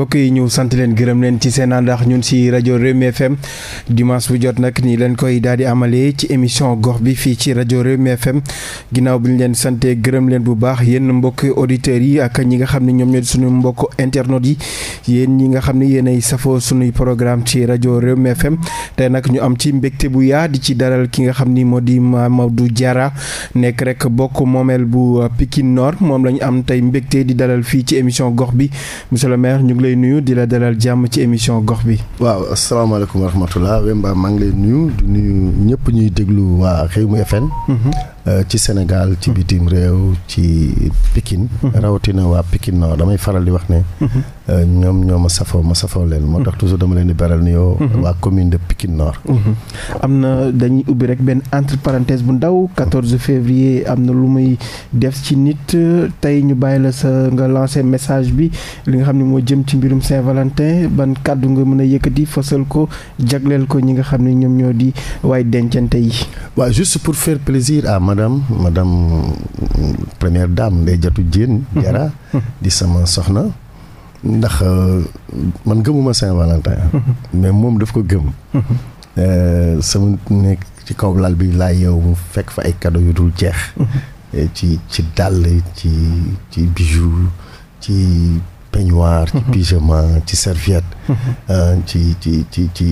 mbokk yi ñëw sant leen gërëm leen ci seen àndax ñun si rajo Rewmi FM dimanche bu jot nag nii leen koy daal di amalee ci émission gox bi fii ci rajo Rewmi FM ginaaw bi ñu leen santee gërëm leen bu baax yéen mbokk auditeurs yi ak ñi nga xam ne ñoom ñoo suñu mbokk internet yi yéen ñi nga xam ne ay safoo suñuy programme ci rajo Rewmi FM te nag ñu am ci mbégte bu yaa di ci daral ki nga xam ni moo di du jara nekk rek bokk moomeel bu pikin Nord moom la ñu am tey mbégte di dalal fii ci émission gox bi lay nuyu di la dalal jàmm ci émission gox bi. waaw asalaamaaleykum wa rahmatulah Wemba maa ngi lay nuyu di ñëpp ñuy déglu waa Rewmi FM. Mhm. Euh, ci Sénégal ci bitim réew ci Pikine mhm. rawatina waa Pikine Nord damay faral di wax ne mhm. euh, ñoom ñoo ma safoo ma safoo leen moo tax mhm. toujours dama leen di baral nuyoo waa commune de Pikine Nord am na dañuy ubbi rek benn entre parenthèse bu ndaw 14 février am na lu muy def ci nit tey ñu bàyyi la sa nga lancé message bi li nga xam ne moo jëm ci mbirum Saint-Valentin ban kàddu nga mën a yëkkati fasal ko jagleel ko ñi nga xam ne ñoom ñoo di waaye dencante yi waaw madame madame première dame Ndeye Diatou Diène Diarra mhm. mhm. di sama soxna ndax euh, man gëmuma Saint-Valentin mhm. mais moom daf ko gëm euh, sama nekk ci kaw lal bi laa yow fekk fa ay kado yu dul jeex ci ci dàll ci ci bijoux ci peignoir ci pyjama ci serviette euh, ci ci ci ci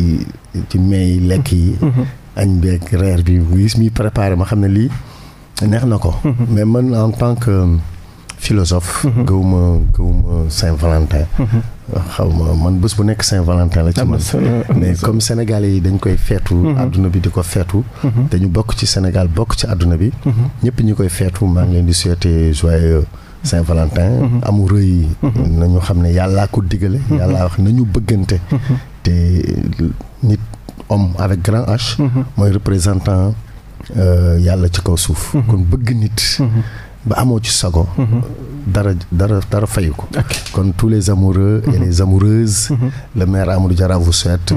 ci may lekk yi añ beeg reer bi gis muy préparé ma xam ne lii neex na ko. Mhm. mais man en tant que euh, philosophe. Mhm. gëwuma gëwuma Saint-Valentin. Mhm. xaw ma man bés bu nekk Saint-Valentin la ci man mais comme Sénégalais yi dañ koy feetu. àdduna bi di ko feetu. dañu bokk ci Sénégal bokk ci àdduna bi. ñëpp ñi koy feetu maa ngi leen di souhaiter joyeux Saint-Valentin. amoureux yi. nañu xam ne yàllaa ko digale. yàllaa wax nañu bëggante. te nit. homme avec grand H. Mhm. mooy représentant euh, yàlla ci kaw suuf. Mhm. kon bëgg nit. Mhm. ba amoo ci sago. dara dara dara ko. kon tous les amoureux et les amoureuses. le maire Amadou Diarra vous souhaite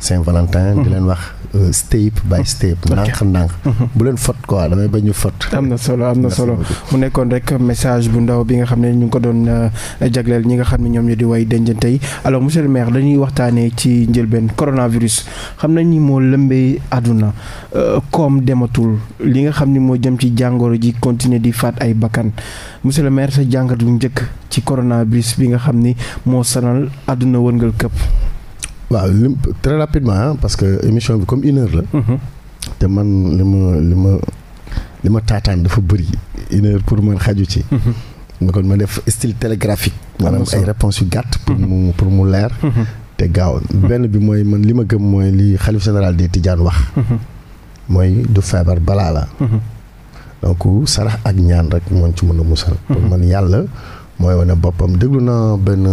Saint-Valentin. di mhm. leen wax euh, step by step. ndànk ndànk. Mhm. bu leen fot quoi damay bañ ñu fot. am na solo am na solo mu nekkoon rek message bu ndaw bi nga xam ne ñu ngi ko doon euh, jagleel ñi nga xam ne ñoom ñu di way dencante yi alors monsieur le maire dañuy waxtaanee ci njëlbeen coronavirus xam nañ ni moo lëmbee àdduna euh, koom dematul li nga xam ni moo jëm ci jàngoro ji continuer di faat ay bakkan monsieur le maire sa jàngat bu njëkk ci coronavirus bi nga xam ni moo sanal àdduna wërngal këpp. waaw lim très rapidement parce que émission bi comme une la. Mm-hmm. te man li ma li ma taataan dafa bëri une pour man xaju ci. ma mm-hmm. kon ma def style télégraphique. Mm-hmm. mu leer. te bi mooy man li ma gëm mooy li xalif général des Tidiane wax. mooy du feebar balaa la. donc sarax ak ñaan rek moom ci mën a musal. pour man yàlla mooy wane boppam déglu naa benn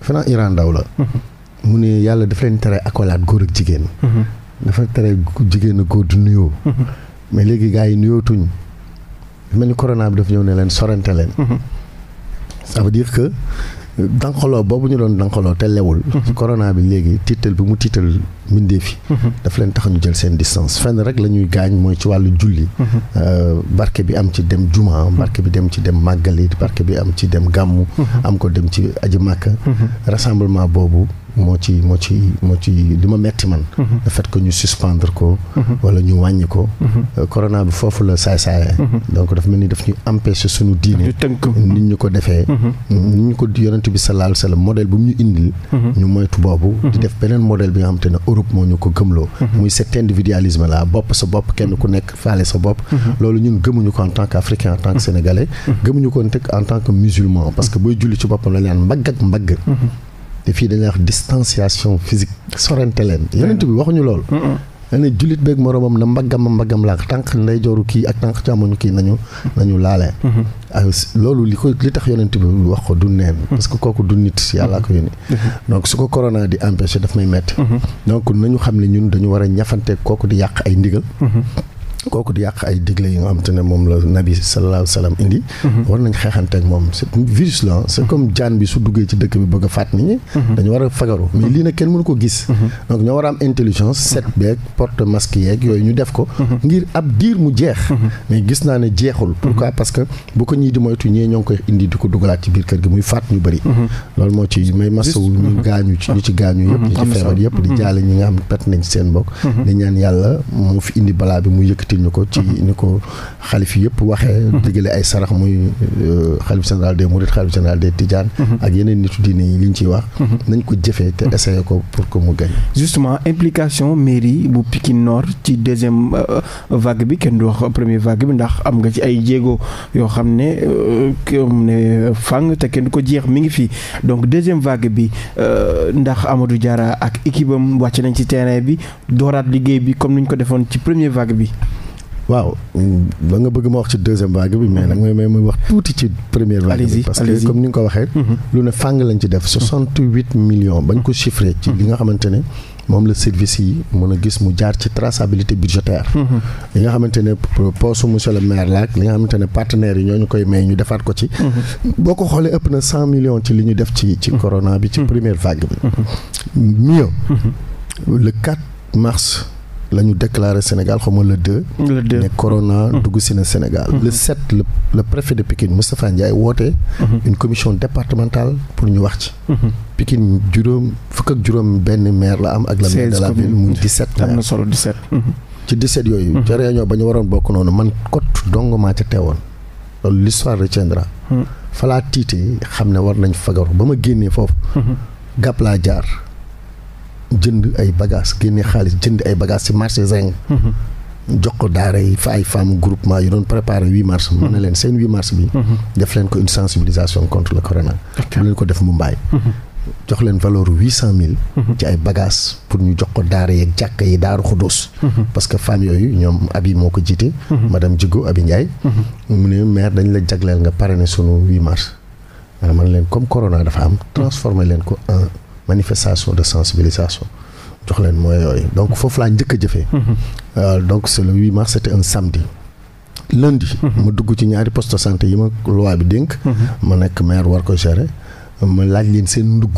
fanaan Iran Ndaw la. mu ne yàlla dafa leen tere accolade góor ak jigéen. Mhm. dafa tere jigéen ak góor du nuyoo. Mhm. mais léegi gars yi nuyootuñ. mel ni corona bi dafa ñëw ne leen sorante leen. Mhm. ça veut dire que danqaloo boobu ñu doon danqaloo te lewul. corona bi léegi tiital bi mu tiital mbindee fi. daf leen tax jël seen distance fenn rek la ñuy gaañ mooy ci wàllu julli. Euh, barke bi am ci dem juma. barke bi dem ci dem màggali barke bi am ci dem gàmmu. am ko dem ci aji màkka rassemblement moo ci moo ci moo ci li ma metti man. Mhm. le fait que ñu suspendre ko. Mhm. wala ñu wàññi ko. Mhm. Euh, corona bi foofu la saay saayee. donc dafa mel ni daf ñu empêcher suñu diine. nit ñu ko defee. nit ñu ko yonent bi sallallahu alayhi wasallam modèle bu mu ñu indil. ñu moytu boobu. di def beneen modèle bi nga xam ne Europe moo ñu ko gëmloo. muy cet individualisme la bopp sa bopp kenn ku nekk faale sa bopp. loolu ñun gëmuñu ko en tant qu'africain en tant que sénégalais. gëmuñu ko en tant te fii dañuy wax distanciation physique sorente leen yonent bi waxuñu loolu nee na jullit beeg moroomam na mbaggam mbaggam laa tànk nday kii ak tànk càmmoñu kii nañu nañu laalee mm-hmm. loolu li ko li tax yonent bi wax ko du neen mm-hmm. parce que kooku du nit yàllaa ko yónni mm-hmm. donc su ko corona di empêché daf may metti donc nañu xam ne ñun dañu war a ñafanteeg kooku di yàq ay ndigal kooku di yàq ay digle yi nga xam te ne moom la nabi sallallahu alayhi wa sallam indi mhm. war nañ xeexante ak moom c'est virus la c'est mhm. comme jaan bi su duggee ci dëkk bi bëgg a faat nit ñi mhm. dañu war a fagaru mais lii nag kenn mënu ko gis donc ñoo war a am intelligence set beeg porte masque yeeg yooyu ñu def ko ngir ab diir mu jeex mais gis naa ne jeexul pourquoi parce que bu ko ñii di moytu ñee ñoo koy indi di ko dugalaat ci biir kër gi muy faat ñu bëri loolu moo ci may masawu yëkkatil ñu ko. ci mhm. ni ko xalif yëpp waxee. Mhm. digale ay sarax muy euh, xalif général des Mourides xalif général des Tidiane. Mhm. ak yeneen nitu diine yi li ñu ciy wax. nañ ko jëfee te essayé ko pour que mu gañ. justement implication mairie bu Pikine Nord ci deuxième euh, vague bi kenn du wax première vague bi ndax am nga ci ay jéego yoo xam ne euh, mu ne te kenn du ko jeex mi ngi fi donc deuxième vague bi ndax Amadou Diarra ak équipe am wàcc nañ ci terrain bi dooraat liggéey bi comme ni ko defoon ci première vague bi. waaw la nga bëgg ma wax ci deuxième vague bi mais nag mooy may wax tuuti ci première vague bi parce que comme ni nga ko waxee mhm. lu ne fàng lañ ci def soixante huit millions ko chiffré ci mhm. li nga xamante ne moom la service yi mën a gis mu jaar ci traçabilité budgétaire mhm. li nga xamante ne poste monsieur le maire laak li nga xamante ne partenaires yi ñoo ñu koy may ñu defaat ko ci boo ko xoolee ëpp na millions ci li ñu def ci ci corona bi ci première vague bi mieux le 4 la ñu déclaré Sénégal xam nga le 2. le 2 ne corona mm-hmm. dugg si na Sénégal. Mm-hmm. le 7 le le préfet de Pikine woote. Mm-hmm. une commission départementale pour ñu wax ci. Pikine juróom fukk ak juróom benn maire la am ak. la maire de mu 17. am na solo 17. yooyu. ca ba ñu waroon bokk noonu man kot dong maa ca teewoon. loolu l'histoire retiendra. falaa tiitee xam ne war nañ fagaru ba ma génnee foofu. gàpp laa jaar. jënd ay bagages génne xaalis jënd ay bagages ci marché Zing. Mhm. jox ko daara yi fa ay femmes groupement yu doon préparer huit mars. Mhm. mën na leen seen huit mars bi. Mhm. def leen ko une sensibilisation contre le corona. bu leen ko def Mumbaay. jox leen valeur huit cent mille. ci ay bagages pour ñu jox ko daara yeeg jàkka yi daaru xudus. parce que femmes yooyu ñoom Abi moo ko jiite. madame Djigo Abi Ndiaye. mu ne maire dañ la jagleel nga parrainer sunu huit mars. man leen manifestation de sensibilisation jox leen mooy yooyu donc foofu laa njëkk a jëfee. Euh, donc c'est le 8 mars c'était un samedi. lundi. ma dugg ci ñaari poste de santé yi ma loi bi dénk. ma nekk maire war ko gérer ma laaj leen seen ndugg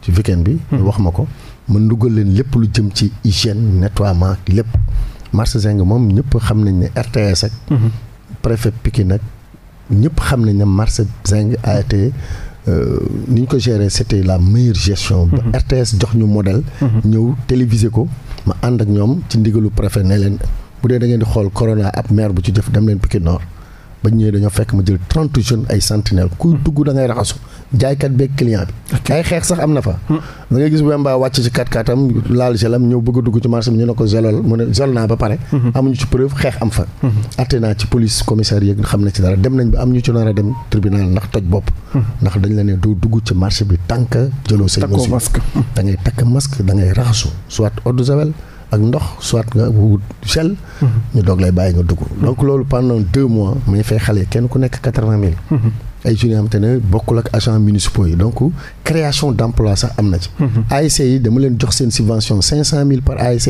ci weekend bi. ñu wax ma ko ma nduggal leen lépp lu jëm ci hygiène nettoiement lépp. marché Zeng moom ñëpp xam nañ ne RTS ak. Mhm. préfet Pikine nag ñëpp xam nañ ne marché Zeng a Euh, ni ñu ko gérer c'était la meilleure gestion. ba mhm. RTS jox ñu modèle. Mhm. ñëw téléviser ko ma ànd ak ñoom ci ndigalu préfet ne leen bu dee da di xool corona ab maire bu ci def dem leen Pikine Nord. bañ ñëwee dañoo fekk ma jël trente jeunes ay sentinelle kuy hmm. dugg da raxasu jaaykat beeg client bi ay xeex sax am na fa hmm. da gis Wemba wàcc ci kat katam laal gelam ñëw bëgg a dugg ci marché bi ñu ba pare hmm. amuñu ci police commissaire yëg xam na ci dara dem nañ ba am ñu ci nar a dem tribunal ndax toj bopp ndax dañ la ne doo dugg ci marché bi tànk jëloo say mesure da ngay takk masque da ngay raxasu soit eau javel ak ndox soit nga wut sel. Mhm. ñu doog lay bàyyi nga dugg. donc mhm. loolu pendant deux mois ma ñu fay xale kenn ku nekk quatre mille. Mhm. ay jeunes yoo xamante ne bokkul ak agents municipaux yi donc création d' sax am na ci. ASC yi dama leen jox seen subvention cinq cent mille par ASC.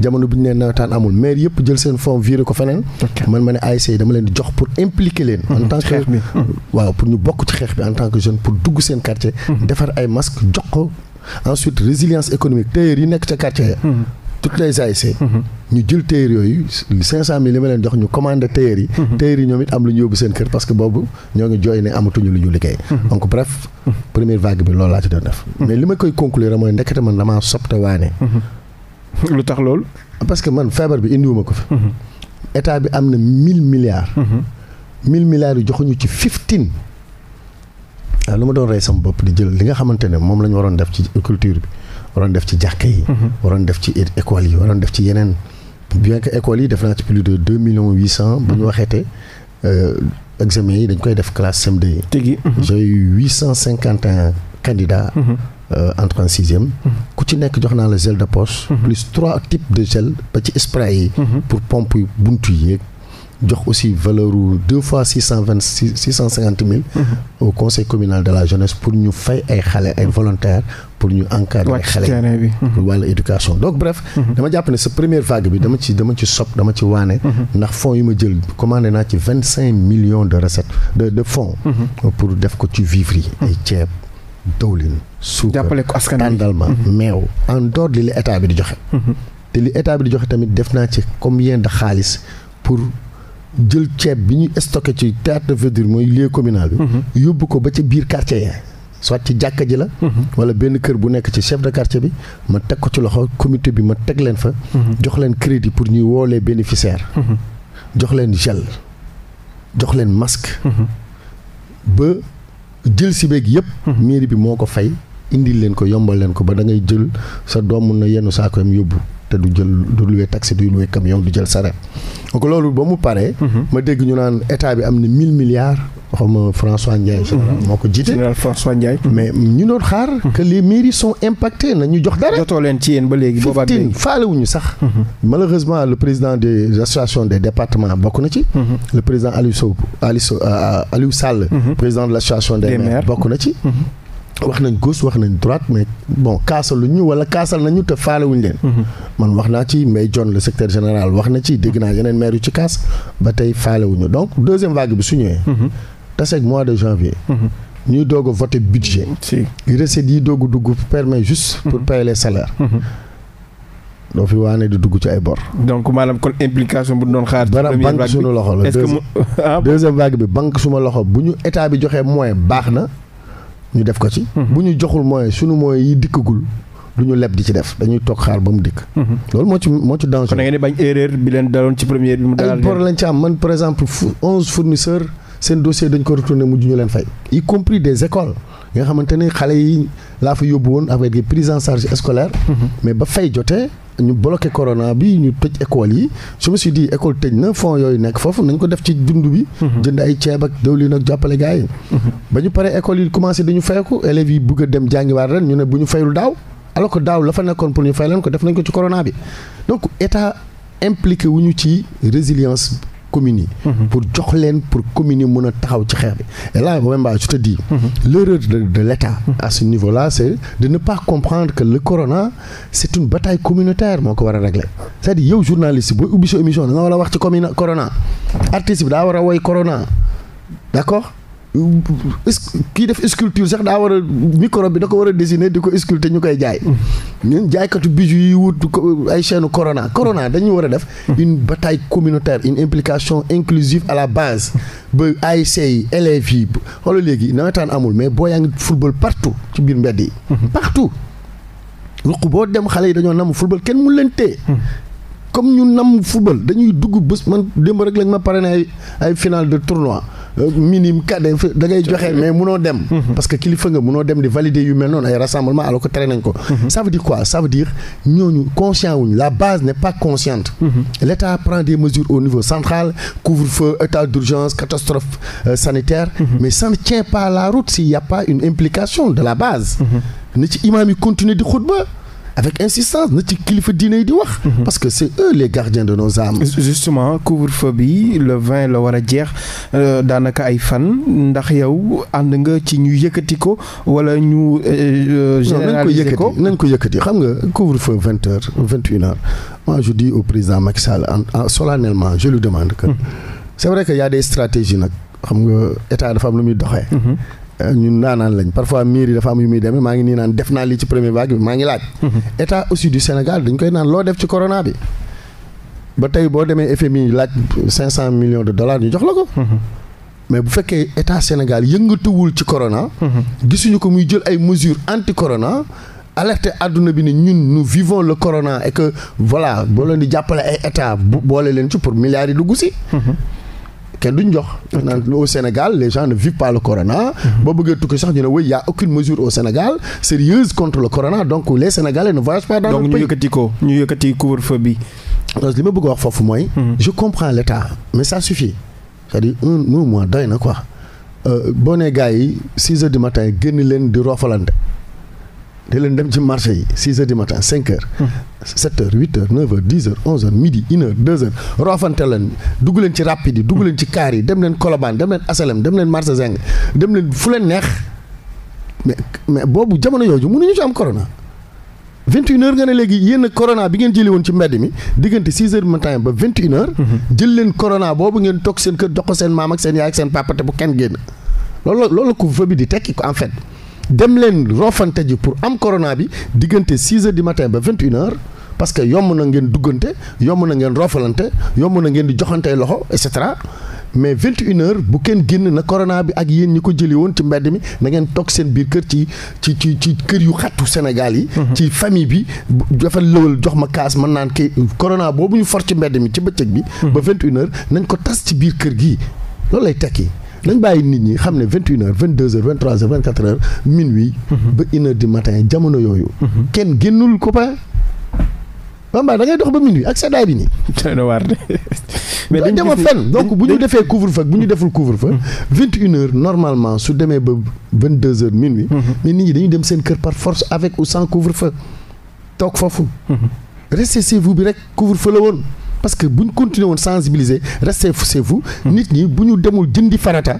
jamono bi ñu nee amul maire yëpp jël seen fonds viré ko feneen. man ma ne ASC yi dama leen jox pour impliquer leen. en tant que waaw pour ñu bokk ci xeex bi en tant que toutes les ASC. ñu jël téer yooyu 500000 li ma leen jox ñu commandé téer yi. Mhm. téer yi ñoom it am lu ñu yóbbu seen kër parce boobu ñoo ngi jooy ne amatuñu lu ñu liggéey. Mhm. donc bref. Mhm. première vague bi loolu laa ci doon def. mais li ma koy conclure mooy ndekete man damaa sobte waane. lu tax loolu. parce que man feebar bi indiwuma ko fi. état bi am na 1000 milliards. 1000 milliards yi joxuñu ci 15. waaw lu ma doon rey sama bopp di jël li nga xamante moom la ñu waroon def waroon def ci jàkka yi. Mhm. waroon def ci école yi waroon def ci yeneen. bien que école yi def naa ci plus de deux millions huit cent. ñu mhm. waxeete euh, examen yi dañ koy def classe CM2 yi. tegi mhm. j'ai eu huit cent cinquante et un candidats. Euh, en sixième. ku ci nekk jox naa la gel de poche. plus trois types de gel ba ci spray yi. pour pompe buntu yi jox aussi valeur u deux fois six cent vingt six six cent cinquante mille. conseil communal de la jeunesse pour ñu fay ay xale ay volontaires pour ñu encadrer xale yi pour mhm. éducation donc bref mhm. dama jàpp sa première vague bi dama ci dama ci sob dama ci waane mhm. ndax fonds yi ma jël commandé naa ci vingt cinq millions de recettes de de fonds pour def ko ci vivres yi ay ceeb dawlin suukar tàndalma meew en dehors li li état bi di joxe te li état bi di joxe tamit def naa ci combien de xaalis pour jël ceeb bi ñu stocké ci théâtre de verdure mooy lieu communal bi yóbbu ko ba ca biir quartier ya soit ci jàkka ji la. wala benn kër bu nekk ci chef de quartier bi ma teg ko ci loxo comité bi ma teg leen fa. jox leen crédit pour ñuy woolee les jox leen gel jox leen masque. ba jël si beeg yëpp. mairie bi moo ko fay indi leen ko yombal leen ko ba dangay jël sa doom mun na yenn saako yam yóbbu. te du jël du luwee taxi du luwee camion du jël saret donc loolu ba mu paree. ma dégg ñu naan état bi am na 1000 milliards. xawma François Ndiaye. Mhm. moo ko jiite général François Ndiaye. Mm. mais ñu doon xaar. Mm. que les mairies sont impactées na ñu jox dara. jotoo leen ci yéen ba léegi boobaa léegi faalewuñu sax. Mm-hmm. malheureusement le président des associations des départements bokk na ci. Mm-hmm. le président Aliou Sow Aliou euh, Sall. Mm-hmm. président de l'association des maires bokk na ci. wax nañ gauche wax nañ droite mais bon kaasal nañu te faalewuñ leen. man wax naa ci mais John le secrétaire général wax na ci dégg naa yeneen maire ci kaas ba tey faalewuñu donc deuxième vague bi su ñëwee. taseeg mois de janvier. Mm-hmm. ñuy doog a voté budget. si recettes yi doog a dugg permet juste. pour mm-hmm. payer les doo mm-hmm. fi waane di dugg ci ay bor. donc maanaam kon implication bu doon xaar. première banque suñu loxo la est-ce que ah deuxième vague bi banque suma loxo bu ñu état bi joxee moyen baax na ñu def ko ci. bu ñu joxul moyen suñu moyen yi dikkagul du ñu leb di ci def dañuy toog xaar ba mu dikk. loolu moo ci moo ci danger. kon da ngeen di bañ erreur bi leen daloon ci première bi mu. dalal ay bor lañ ci am man par exemple onze fournisseurs. seen dossier dañ ko retourné mujj ñu leen fay y compris des écoles nga xamante ne xale yi laa fa yóbbu woon avec des prises en charge scolaires mhm. mais ba fay jotee ñu bloqué corona bi ñu tëj école yi je me suis dit tëj na fonds yooyu nekk foofu nañ ko def ci dund bi mhm. jënd ay ceeb ak diwlin ak jàppale gars yi mhm. ba ñu paree école yi commencé dañu fayeku élèves yi bëgg a dem jàngiwaat ren ñu ne bu ñu fayul daaw alors que daaw la nekkoon pour ñu fay leen ko communes yi. Mhm. pour jox leen pour communes mën a taxaw ci xeex bi et là Mbemba je te dis. Mhm. l'erreur de de mhm. à ce niveau là c'est de pas comprendre que le corona c'est une bataille communautaire moo ko war a régler c'est-à-dire yow booy ubbi sa émission da war a wax ci commune corona artiste bi daa war a woy corona d'accord. kii def sculpture sax daa war a microbe bi da ko war a dessiner di ko sculpter ñu koy jaay. ñu jaaykatu bijou yi wut ay chaîne corona corona dañu war a def. une bataille communautaire une implication inclusive à la base. ba ay yi élèves yi xoolal léegi nawetaan amul mais boo yaa ngi football partout ci biir mbedd yi. partout ruq boo dem xale yi dañoo nam football kenn mu leen tee. comme ñu nam football dañuy dugg bés man démb rek lañ ma pare ne ay ay final de tournoi. minime cadet da ngay joxe mais munoo dem. Mhm. parce que kilifa nga munoo dem di valider yu mel noonu ay rassemblement alors que tere nañ ko. Mhm. ça veut dire quoi ça veut dire ñooñu conscient wuñu la base n'est pas consciente. Mhm. l' prend des mesures au niveau central couvre-feu état d'urgence catastrophe euh, sanitaire. mais ça ne tient la route si y a pas une implication de la base. na ci imaam yi continuer di xutba. avec insistance na ci kilifa diine yi di wax. Mhm. parce que c'est eux les gardiens de nos âmes. justement couvre-feu bi le vingt la war a jeex euh, daanaka ay fan ndax yow ànd nga ci ñu yëkkati ko wala ñu. Euh, euh, généraliser ko nañ ko yëkkati xam nga couvre-feu vingt heures vingt une heures moi je dis au président Macky Sall en solennellement je lui demande que. Mhm. c'est vrai que y a des stratégies nag xam nga état dafa am lu muy doxee. Mhm. Euh, ñun naanaan lañ parfois miir yi dafa am yu muy demee maa ngi nii naan def naa lii ci première vague bi maa ngi laaj. état aussi du Sénégal dañ koy naan loo def ci corona bi. ba tey boo demee FMI laaj cinq de dollars ñu jox la ko. mais bu fekkee état Sénégal yëngatuwul ci corona. gisuñu ko muy jël ay mesures anti corona. alerte àdduna bi ni ñun nous vivons le corona et que voilà boo leen di jàppale ay état boole leen ci pour milliards yi si. kenn du jox. naan au Sénégal les gens ne vivent pas le corona. Mhm. boo bëggee tukki sax ñu ne oui y' a aucune mesure au Sénégal sérieuse contre le corona donc les Sénégalais ne voyagent pas dans le pays. donc ñu yëkkati ko ñu bi. li ma bëgg wax foofu mooy. Mhm. je comprends l' état mais ça suffit. c'est-à-dire doy na quoi. Euh, boo nee gars yi du matin génn leen di roofalante. te leen dem ci marché yi 6 heures du matin 5 heures. 7 heures 8 heures 9 heures 10 heures 11 heures midi 1 heure 2 heures roofante leen dugg ci rapide yi ci kaar yi dem leen Asalem dem leen Zeng dem fu leen neex mais boobu jamono yooyu mënuñu ci am corona. 21 heures nga ne léegi yéen corona bi ngeen jëli woon ci mbedd mi diggante 6 heures matin ba 21 heures. Mhm. jël leen corona boobu ngeen di tekki ko en dem leen roofante ji pour am corona bi diggante 6 heures du matin ba 21 heures parce yomb na ngeen duggante yomb na ngeen roofalante yomb na ngeen di joxante loxo et cetera mais 21 heures bu kenn génn na corona bi ak yéen ñi ko jëli woon ci mbedd mi na ngeen toog seen biir kër ci ci ci ci kër yu xattu Sénégal yi. Mhm. ci famille bi dafa lëwal jox ma kaas mën naan kii corona boobu ñu for ci mbedd mi ci bëccëg bi. Mhm. ba 21 heures nañ ko tas ci biir kër gi loolu lay tekki. nañ bàyyi nit ñi xam ne vingt une heures vingt deux heures vingt trois heures vingt quatre heures minuit. Mhm. ba une heure du matin jamono yooyu. Mhm. kenn génnul copain. Bamba da ngay dox ba minuit ak seddaay bi nii. mais dañ dema fenn donc bu ñu defee couvre-feu bu ñu deful couvre fa mhm. vingt une heures normalement su demee ba vingt deux heures minuit. mais nit ñi dañu dem seen kër par force avec ou sans couvre-feu toog foofu. restez chez vous bi rek couvre fa la woon. parce que bu ñu continuer woon sensibiliser restez chez vous. nit ñi bu ñu demul jëndi farata.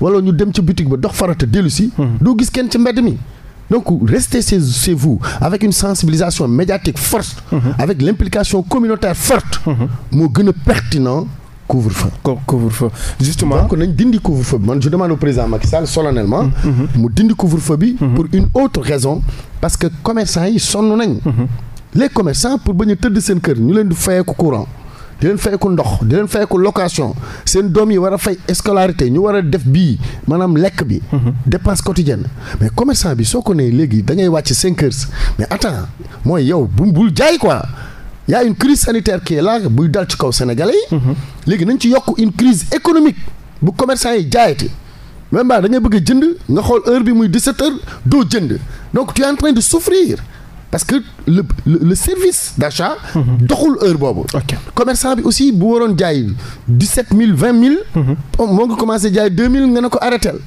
wala ñu dem ci boutique ba dox farata dellu si. doo gis kenn ci mbedd mi. donc restez chez, chez vous avec une sensibilisation médiatique forte. Mm -hmm. avec l'implication communautaire forte. moo gën a pertinent couvre-feu. couvre-feu justement. dindi couvre-feu bi man je demande au président Macky Sall solennellement. mu dindi couvre-feu bi. pour une autre raison. parce que commerçants yi sonn nañ. Mhm. les commerçants pour bañ tëdd seen kër ñu leen di fayeeku courant. di leen fay ndox di leen fay ko seen doom yi war a fay scolarité ñu war a def bii maanaam lekk bi. Mhm. dépense quotidienne mais commerçant bi soo ko nee léegi da ngay wàcc cinq heures mais attends mooy yow bu bul jaay quoi. yaa a une crise sanitaire qui est là buy dal ci kaw sénégalais yi. Mhm. léegi nañ ci yokk une crise économique bu commerçant yi jaayati. même ba da ngay bëgg a jënd nga xool heure bi muy 17 heures doo jënd donc tu es en train parce que le le, le service d'achat mhm. doxul heure boobu commerçant bi aussi bu waroon jaay dix-sept mille vingt mille mhm. moo ngi commencé jaay deux mille nga ne ko arrêtel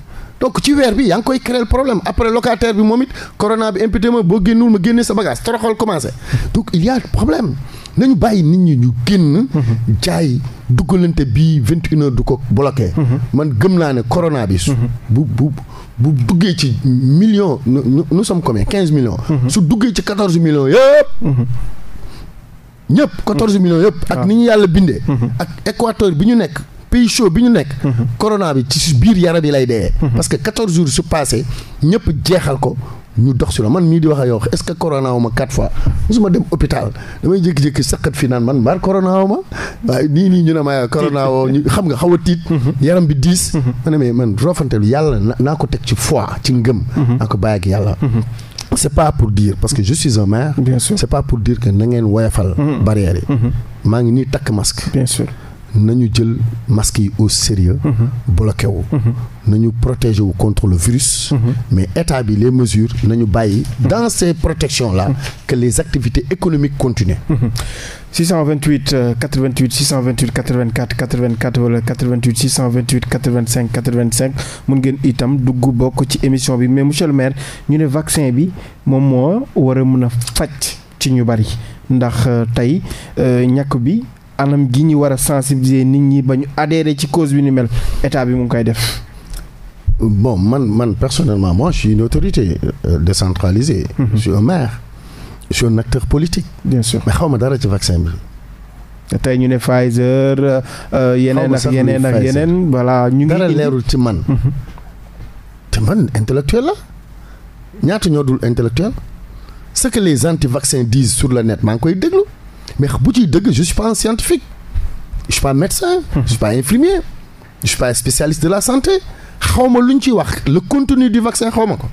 donc ci weer bi yaa ngi koy créer problème après locataire bi moom it corona bi imputé ma boo génnul ma génne sa bagage toroxal commencé donc il y a problème nañu bàyyi nit ñi ñu génn. Mhm. jaay duggalante bii une du ko bloqué. Mhm. man gëm naa ne corona bi. Mhm. bu bu bu duggee ci million nous nous sommes combien quinze millions. su duggee ci quatorze millions yëpp. ñëpp quatorze millions yëpp. ak ah. ni ñu yàlla bindee. ak Équateur bi ñu nekk. pays bi ñu nekk. corona bi ci biir yaram yi lay dee. parce que quatorze jours su passé ñëpp jeexal ko. ñu dox si la man mii di wax ak yow est-ce que corona wu ma quatre fois musuma dem hôpital damay jékki-jékki saqat fi naan man mbaar corona waaye nii nii ñu ne ma corona xam nga xaw a tiit mhm. yaram bi diis mhm. ma man roofante lu yàlla naa ko teg ci foi ci ngëm mhm. naa ko bàyyi ak yàlla c'est pas pour dire parce que je suis c'est pas pour dire que na ngeen woyafal yi maa ngi nii takk masque bien sûr nañu jël masques yi au sérieux mhm. bloqué wu mhm. nañu protéger wu contre le virus mhm. mais état bi les mesures nañu bàyyi dans ces protections là que les activités économiques continuent 628 88 628 84 84 wala 88 628 85 85 mun ngeen itam dugg bokk ci émission bi mais monsieur le maire ñu ne vaccin bi moom moo war a mën a faj ci ñu bari ndax euh, tey euh, ñàkk bi anam gi ñu war a sensibiliser nit ñi ba ñu adhérer ci cose bi ni mel état bi mu ngi koy def. bon man man personnellement moi je suis une autorité euh, décentralisée. Mm -hmm. je suis acteur politique. bien sûr xaw ma dara ci vaccin bi. te tey ñu ne Pfizer. Euh, yeneen ak yeneen ak yeneen voilà ñu ngi. dara leerul ci man. Mhm. te man intellectuel la ñaata ñoo dul intellectuel. ce que les anti-vaccins disent sur le net maa ngi koy déglu. mais bu ciy dëgg je suis pas un scientifique je suis médecin je suis pas infirmier je spécialiste de la santé xawma lu ñu ciy wax le contenu du vaccin xawma ko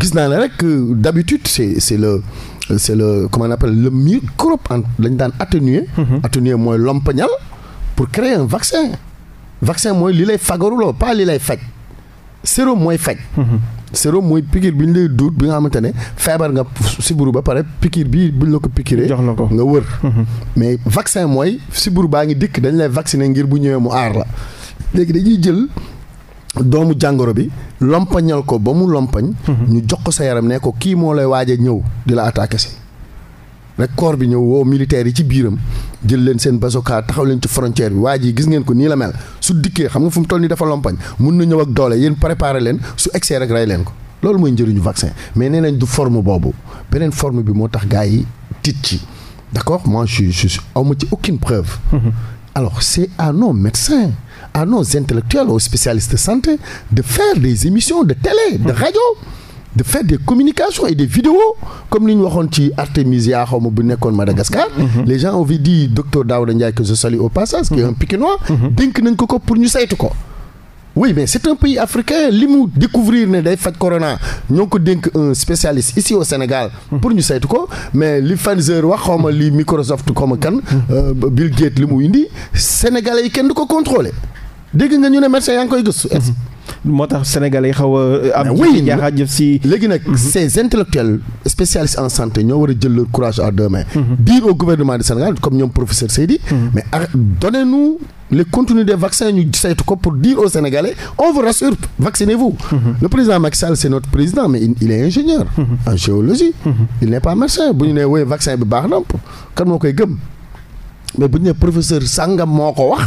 gis naa ne rek d'habitude c'est c'est le c'est le comment on appelle le microbe en lañ daan atténuer mhm. atténuer mooy lompañal pour créer un vaccin vaccin mooy li lay fagaruloo pas li lay faj sérum mooy faj mhm. sero mooy piqûre bi ñu lay duut bi nga xamante ne feebar nga siburu ba pare piqûre bii ñu la ko piqûree jox na ko nga wër mhm. mais vaccin mooy siburu baa ngi dikk dañ lay vacciner ngir bu ñëwee mu aar la léegi dañuy jël doomu jàngoro bi lompañal ko ba mu lompañ mhm. ñu jox ko sa yaram ne ko kii moo lay waaj ñëw di la attaquer si nag corps bi ñëw woo militaires yi ci biiram jël leen seen bazooka taxaw leen ci frontière bi waa ji gis ngeen ko nii la mel su dikkee xam nga fu mu toll nii dafa lompañ mun na ñëw ak doole yéen préparer leen su egsee rek rey leen ko loolu mooy njëriñu vaccin mais nee du forme boobu beneen forme bi moo tax gars yi tiit ci d'accord moi je je awma ci aucune preuve mhm. alors c'est à nos médecins à nos intellectuels santé de faire des émissions mhm. de faire des communications et des vidéos comme li ñu waxoon ci Artemisia xaw ma bu nekkoon Madagascar. Mhm. Mhm. les gens ont vu di docteur Daouda Ndiaye que je salue au passage. Mhm. dénk nañ ko ko pour ñu saytu ko. oui mais c'est un pays li mu découvrir ne day faj corona ñoo ko dénk un spécialiste ici au Sénégal pour ñu sayt ko mais li Pfizer wax xawma li ko ma kan euh, Bill Gates li mu indi sénégalais yi kenn du ko contrôler dégg nga ñu ne médecin yaa ngi koy gëstu. Mm-hmm. moo tax sénégalais yi xaw a. am jaaxaajëf si léegi nag mm-hmm. ces intellectuels spécialistes en santé ñoo war a jël leur courage à deux mains. Mm-hmm. dire au gouvernement du Sénégal comme ñoom professeur Seydi. mais donnez-nous les contenus des vaccins ñu saytu ko pour dire aux sénégalais on vous rassure vaccinez-vous. le président Macky Sall c'est notre président mais il est ingénieur. en géologie. il n'est pas médecin bu ñu nee bi baax na kan moo koy gëm. mais bu ñu nee professeur sàngam moo ko wax.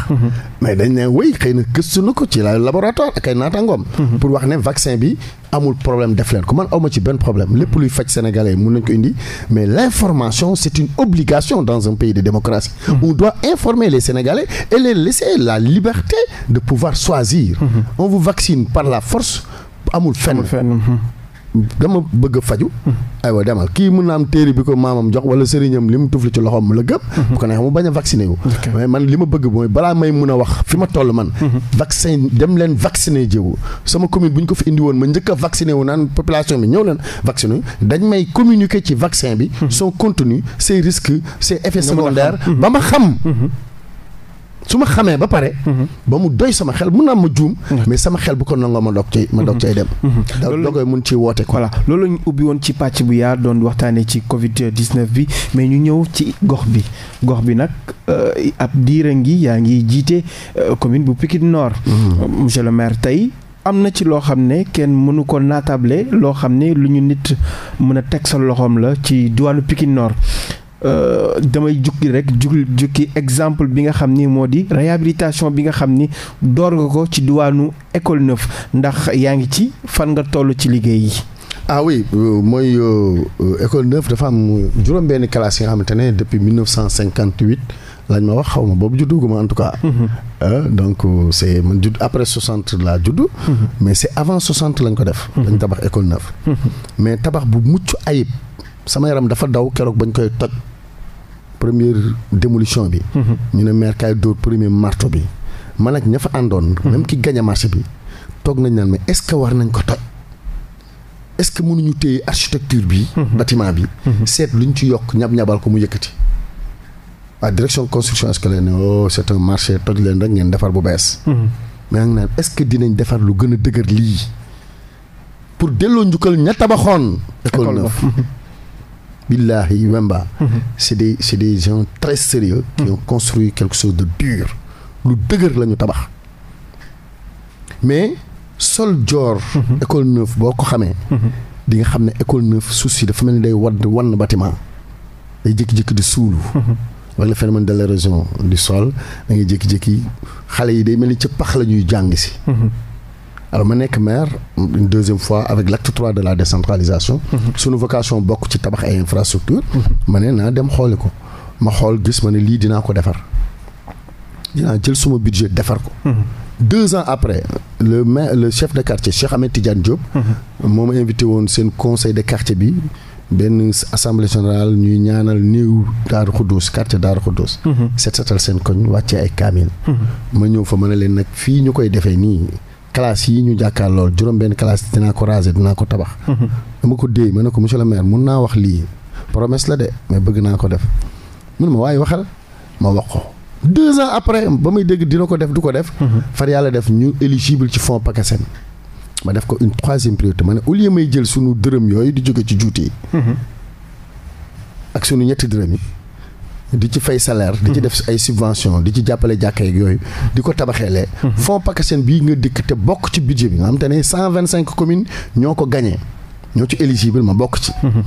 mais dañ ne wéy xëy na gëstu na ko ci la laboratoire ak ay naatangoom. pour wax ne vaccin bi amul problème def leen ko man awma ci benn problème lépp luy faj sénégalais mun nañ ko indi mais l' information une obligation dans un pays de démocratie. Mm-hmm. on doit informer les sénégalais et laisser la liberté de pouvoir choisir. Mm-hmm. on vous vaccine par la force amul fenn. Mm-hmm. dama bëgg a faju aywa demal kii mën na am téere bi ko maamam jox wala sëriñam li mu tufli ci loxoom la gëm mhm. bu ko neexee mu bañ a vacciné man li ma bëgg mooy balaa may mun a wax fi ma toll man mhm. vaccin dem leen vacciné sama commune bu ñu ko fi indi woon ma njëkk a vacciné wu naan population bi ñëw leen vacciné wu dañ may communiquer ci vaccin bi mhm. son contenu ses risques ses effets secondaires ba ma xam su ma xamee ba pare. Mhm. ba mu doy sama xel mun am ma juum. Mhm. mais sama xel bu ko nangoo ma doog cay ma doog mhm. cay dem. loolu da mun ci woote ko voilà loolu la ñu ubbi woon ci pàcc bu yaa doon waxtaanee ci Covid 19 bi mais ñu ñëw ci gox bi gox bi nag euh, ab diira ngi yaa ngi jiite euh, commune bu Pikine noor monsieur tey. am na ci loo xam ne kenn mënu ko naatable loo xam ne lu ñu nit mën a teg sa loxoom la ci diwaanu pikin noor Euh, damay jukki rek jukki jukki exemple bi nga xam ni moo di réhabilitation bi nga xam ni door nga ko ci diwaanu école neuf ndax yaa ngi ci fan nga toll ci liggéey yi. ah oui euh, mooy euh, école neuf dafa am juróom-benn classe yi nga xamante ne depuis 1958 lañ ma wax xaw ma boobu judduguma en tout cas. Mhm. donc c' man judd après 60 laa judd. Mhm. mais c' avant 60 lañ ko def. Mhm. lañ tabax école neuf. mais tabax bu mucc ayib sama yaram dafa daw keroog bañ koy toj. première démolition bi. Mhm. ñu ne maire kaay dóor premier bi. man ak ña fa àndoon. Mhm. même ki gañ a marché bi toog nañ naan mais est-ce que war nañ ko toj. est-ce que mënuñu téye architecture bi. Mhm. bâtiment bi. seet luñ ci yokk ñab ñabal ko mu yëkkati. waa direction construction est-ce que leen oh c'est toj leen rek ngeen defar bu bees. ma nag naan est-ce que dinañ defar lu gën a dëgër lii. pour delloo njukkal ña tabaxoon. école neuf billahi Wemba. Mhm. c'est des c'est des gens très sérieux qui mhm. ont construit quelque de dur lu dëgër la ñu tabax mais sol joor mhm. école neuf boo ko xamee di nga xam ne école neuf suuf si dafa mel ni day wadd wann bâtiment day jékki-jékki di suulu wala le phénomène de l'érosion du sol da ngay jékki-jékki xale yi day mel ni ci pax la ñuy jàng si alors ma nekk maire une fois avec l'acte 3 de la décentralisation mhm. suñu vocation bokk ci tabax ay infrastructure mhm. ma ne naa dem xooli ko ma xool gis ma ne lii dinaa ko defar dinaa jël suma budget defar ko mhm. deux ans après le mais le chef de quartier Cheikh Ahmed Tidiane Diop moo a invité woon seen conseil de quartier bi benn assemblée générale ñuy ñaanal néew Daaru Xuddoos quartier Daaru Xuddoos set setal seen koñ wàccee ay kaamil ma ñëw fa mën a leen nag fii ñu koy defee nii classe yi ñu jàkkaar lool juróom benn classe dinaa ko raser dinaa ko tabax mhm. dama ko déey ma ne ko monsieur le maire mun naa wax lii promesse la de mais bëgg naa ko def mun ma waaye waxal ma wax ko deux ans après ba may dégg dina ko def du ko def mhm. far yàlla def ñu éligible ci fonds PACASEN ma def ko une troisième priorité ma ne au lieu may jël sunu dërëm yooyu di jóge ci juuti yi mhm. ak sunu ñetti dërëm yi di ci fay salaire. di ci mm-hmm. def ay subvention di ci jàppale jàkka yeeg yooyu. di ko tabaxeelee. Mm-hmm. fonds PACASEN bii nga dikk te bokk ci budget bi nga xam te ne cent vingt cinq ñoo ko gagné ñoo ci éligible ma bokk ci. Mm-hmm.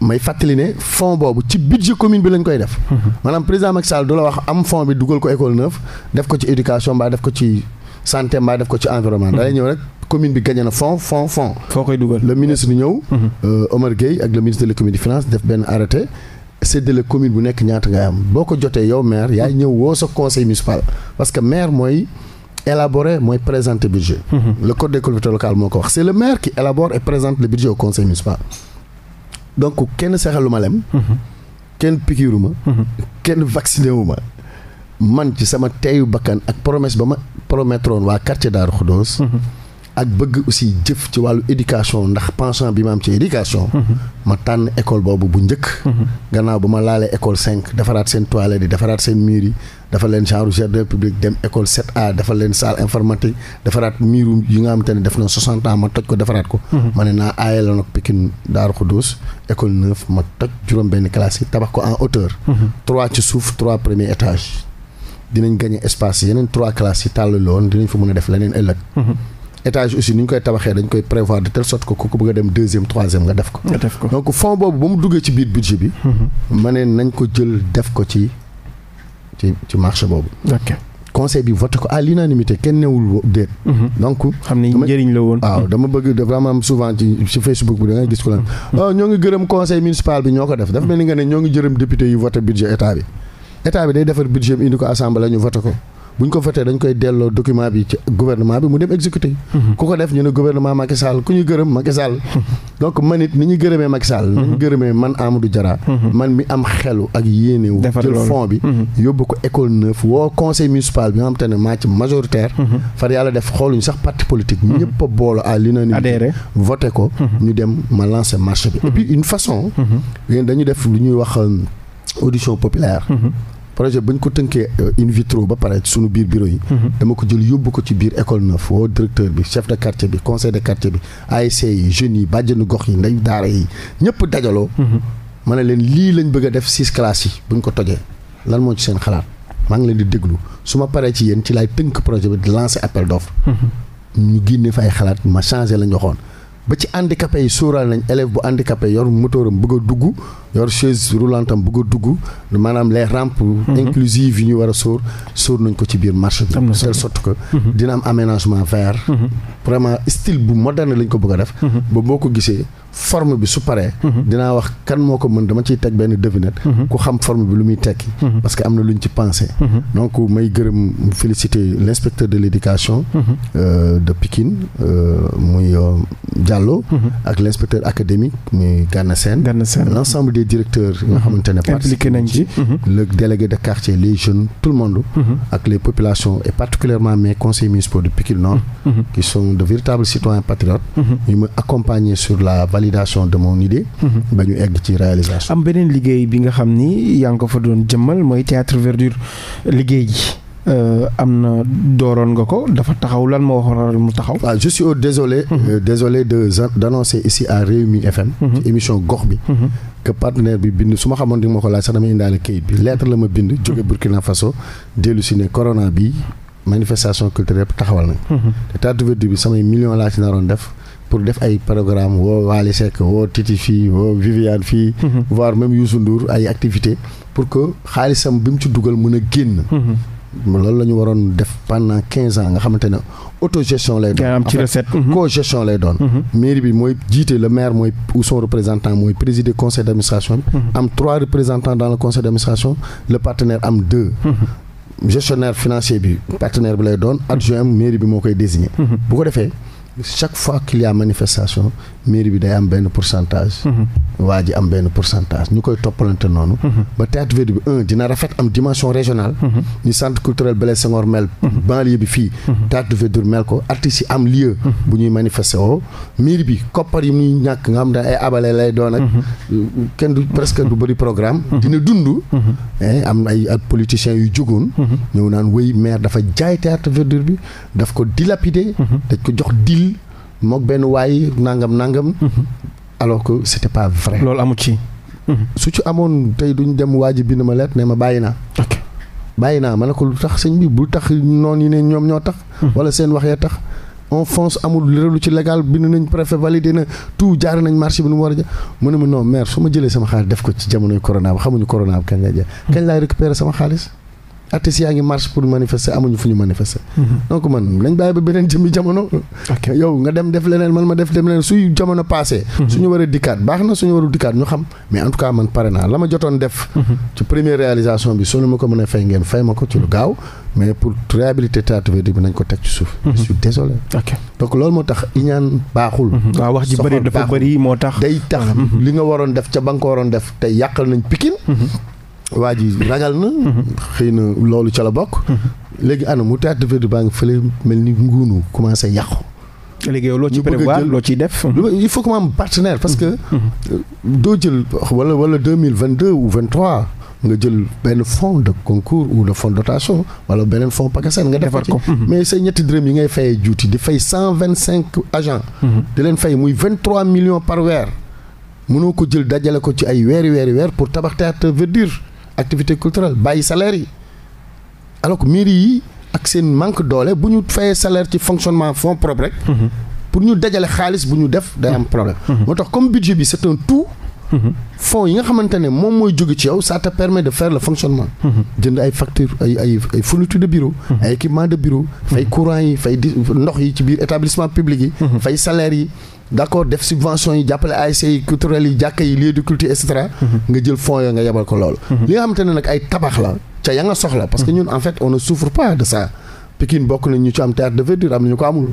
may fàttali ne fonds boobu ci budget commune bi lañ koy def. maanaam président Macky Sall du la wax am fonds bi dugal ko école neuf def ko ci éducation mbaa def ko ci santé mbaa def ko ci environnement. da lay ñëw rek commune bi gagné na fonds fonds fonds. foo koy dugal le ministre ñëw. Euh, Omar Gueye ak séddale commune bu nekk ñaata ngay am boo ko jotee yow maire yaay ñëw woo sa conseil municipal parce que maire mooy élaborer mooy présenter budget mhm. le code des collectivités locales moo ko wax c'est le maire qui élabore et présente le budget au conseil donc kenn sexalu ma lem mhm. kenn pikiru ma mhm. kenn vacciné wu ma man ci sama teeyu bakkan ak promesse ba ma promettroon waa quartier Daaru Xudoos ak bëgg aussi jëf ci wàllu éducation ndax penchant bi ma am ci éducation. Mhm. ma tànn école boobu bu njëkk. Mhm. gannaaw ba ma laalee école cinq defaraat seen toilette yi defaraat seen murs yi dafa leen genre jardin public dem école 7A dafa leen salle informatique defaraat miiru yi nga xamante ne def na 60 ans ma toj ko defaraat ko. Mhm. ma ne naa aaye la nag Pikine Daaru Xudoos école ma toj juróom-benn classe yi tabax ko en hauteur. trois ci suuf trois premier étage dinañ gagné espace yeneen trois classes yi tàllaloon dinañ fa mën a def leneen ëllëg. étage aussi ni ñu koy tabaxee dañ koy prévoir de telle sorte que ku ko bëgg a dem deuxième troisième nga def ko. nga def ko donc fonds boobu ba mu duggee ci biir budget bi. Mhm. ma ne nañ ko jël def ko ci ci ci marché boobu. ok bi voté ko à kenn newul déet. Mhm. donc xam dama bëgg vraiment souvent ci ci Facebook bi da ko lan. Mhm. Oh, ñoo ngi gërëm conseil municipal bi ñoo ko def. dafa mel ni nga ne ñoo ngi jërëm député yi voté budget état bi état bi day defar budget indi ko assemblée ñu voté ko. buñ ñu ko voté dañ koy delloo document bi ci gouvernement bi mu dem exécuté. Mhm. ku ko def ñu ne gouvernement Macky Sall ku ñu gërëm Macky mhm. donc man it ni ñu gërëmee Macky Sall. nañu mhm. gërëmee man Amadou Diarra. man mi am xelu ak yéene wu. jël fond bi. yóbbu ko école neuf woo conseil municipal bi nga xam te ne maa ci majoritaire. far yàlla def xooluñu sax parti politique. ñëpp a boolo à l'unanimité. adhéré voté ko. ñu dem ma lancé marché bi. et puis une façon. dañu def lu ñuy wax euh, audition projet bu ñu ko tënkee euh, in vitro ba pare suñu biir bureau yi. Mhm. dama ko jël yóbbu ko ci biir école neuf foo directeur bi chef de quartier bi conseil de quartier bi ASC yi jeunes yi bàjjenu gox yi ndey daara yi ñëpp dajaloo. Mhm. ma ne leen lii lañ bëgg a def six classes yi bu ko tojee lan moo ci seen xalaat maa ngi leen di déglu su ma paree ci yéen ci laay tënk projet bi di lancer appel d'offre. Mhm. ñu génne fa ay xalaat ma changé lañ waxoon. ba ci handicapé yi sóoraal nañ élève bu handicapé yor motooram bëgg a dugg yor chaise roulante am a dugg maanaam les rampes mhm. inclusives yi ñu war a sóor sóor nañ ko ci biir marché bi telle sorte que mhm. dina am aménagement vert mhm. vraiment style bu moderne lañ ko bëgg a def ba boo ko gisee forme bi su paree. Mhm. dinaa wax kan moo ko mën dama ciy teg benn devinette. Mhm. ku xam forme bi lu muy tekki. Mhm. parce que am na lu ñu ci pensé. donc may gërëm féliciter l' inspecteur de l' euh, de Pikine euh, muy euh, Diallo. ak l' inspecteur muy Gana Sène. Gana Sène l' nga xamante ne impliqué nañ ci. le délégué de quartier les jeunes tout le monde. ak les populations et particulièrement mes conseillers municipaux de Pikine Nord. qui sont de véritables citoyens validation de mon idée. Mhm. ba ñu egg am beneen liggéey bi nga xam ni yaa ngi ko fa doon jëmmal mooy théâtre verdure liggéey ji. Euh, am na dooroon nga ko dafa taxaw lan moo waral mu taxaw. waaw je suis au désolé. Mmh. Euh, désolé de a ici à Rewmi FM. Mhm. ci émission gox bi. Mmh. que bi bind su ma xamoon ni ma ko laaj sax damay indaale kayit bi lettre la ma bind. Mhm. jóge Burkina Faso dellu si ne corona bi manifestation culturelle taxawal na. te théâtre verdure bi samay millions laa ci naroon def. pour def ay programme woo Waly Seck woo Titi fii woo Viviane fii. Mhm. voire même Youssou Ndour ay activités pour que xaalisam bi mu ci dugal mën a génn. Mhm. loolu la ñu waroon def pendant quinze ans nga xamante ne autogestion lay doon. am ci recette. Mhm. co-gestion lay bi mooy jiite le maire mooy ou son représentant mooy présider conseil d' administration bi. am trois représentants dans le conseil d' le partenaire am deux. gestionnaire financier bi partenaire bi lay doon. adjoint mairie bi moo koy désigner. bu ko defee. chaque fois qu'il y a manifestation mairie bi day am benn pourcentage. Mhm. waa ji am benn pourcentage ñu koy toppalante noonu. Mhm. ba théâtre Verdure bi un dina rafet am dimension régionale. ñu mhm. centre culturel Blaise Senghor mel. banlieue bi fii. théâtre Verdure mel ko artistes yi am lieu. bu ñuy manifester woo mairie bi koppar yi muy ñàkk nga xam ne ay abale lay doon ak. kenn du presque du dina dund. Eh, am ay ay yu jógoon. ñëw naan wéy maire dafa jaay théâtre Verdure bi daf mook benn waay nangam nangam. Mhm. alors que c'était pas vrai. loolu amu ci. Mhm. su ci amoon tey duñ dem waa ji bind ma leet ne ma bàyyi naa. ok bàyyi naa ma ne ko lu tax sëñ bi bu tax noon yi ne ñoom ñoo tax. Mhm. wala seen wax tax. on fonce amul lu ci légal bind nañ préfet validé na tout jaar nañ marché bi nu mu war a ja mu ne ma non su ma jëlee sama xaalis def ko ci jamonoy corona ba xamuñu corona bi kañ lay jeex. kañ laay récupérer sama xaalis. artistes yaa ngi marche pour manifester amuñu fu ñu manifester. Mhm. donc man nañ bàyyi ba beneen jëmmi jamono. yow nga dem def leneen man ma def dem leneen suy jamono passé. Mhm. suñu war a dikkaat baax na suñu warul dikkaat ñu xam mais en tout cas man pare naa la ma jotoon def. Mhm. ci première réalisation bi soo ma ko mën a fay ngeen fay ma ko ci lu gaaw mais pour réhabiliter théâtre bi nañ ko teg ci suuf. je suis donc loolu moo tax iñaan baaxul. waaw wax ji bëri dafa bëri moo tax. day tax li nga waroon def ca ba nga ko def te yàqal nañ pikin. waa ji ragal na. xëy na loolu ca la bokk. léegi ana mu théâtre de baa ngi fële mel ni nguunu commencé yàqu. léegi yow loo ci prévoir loo ciy def. il faut que partenaire parce que. doo jël wala wala deux mille vingt deux ou vingt nga jël benn fonds de concours ou de fonds de dotation wala beneen fonds PACASEN nga defar ko mhm. mais say ñetti dërëm yi ngay fayee juuti di fay cent vingt cinq agents. Mhm. di leen fay muy vingt trois millions par weer. mënoo ko jël dajale ko ci ay weeri weeri weer pour tabax théâtre verdure activité culturelle bàyyi salaire yi alors que mairie yi ak seen manque doole bu ñu fayee salaire ci fonctionnement fonds propre rek. Mhm. pour ñu dajale xaalis bu ñu def day am mhm. problème. Mhm. moo tax comme budget bi c'est un tout. fonds yi nga xamante ne moom mooy jóge ci yow ça te permet de faire le fonctionnement. jënd ay facture ay ay ay de bureau. ay équipement de bureau. fay courant yi fay ndox yi ci biir établissement public yi. fay salaire yi. d' accord def subvention yi jàppale ASC yi culturel yi jàkka yi lieu de culture et mhm. nga jël fonds yoo nga yebal ko loolu. Mhm. li nga xamante ne nag ay tabax la ca ya nga soxla. parce que mhm. ñun en fait on ne pas de ça. Pikine bokk nañ ñu ci am théâtre de verdure am na commune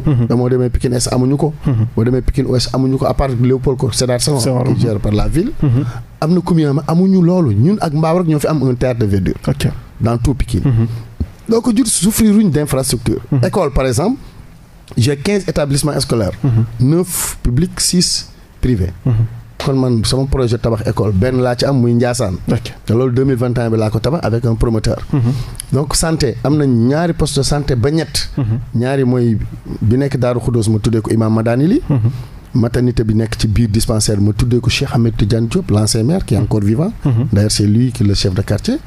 am amuñu loolu ñun ak Mbaaw rek ñoo fi am un de verdure. ok dans tout Pikine. donc jur souffriruñ d' école par exemple. j'ai quinze établissements scolaires. Mhm. neuf publics six privés. Mhm. kon man sama projet tabax école benn laa ci am muy Ndiassane. te loolu deux bi laa ko tabax avec un promoteur. Mhm. donc santé am na ñaari poste de santé ba ñett. ñaari mooy bi nekk Daaru Khoudoss ma tuddee ko Imam Madani li maternité bi nekk ci biir dispensaire ma tuddee ko Cheikh Ahmed Tidiane Diop l'ancien maire qui encore vivant. d'ailleurs c'est lui qui est le chef de quartier.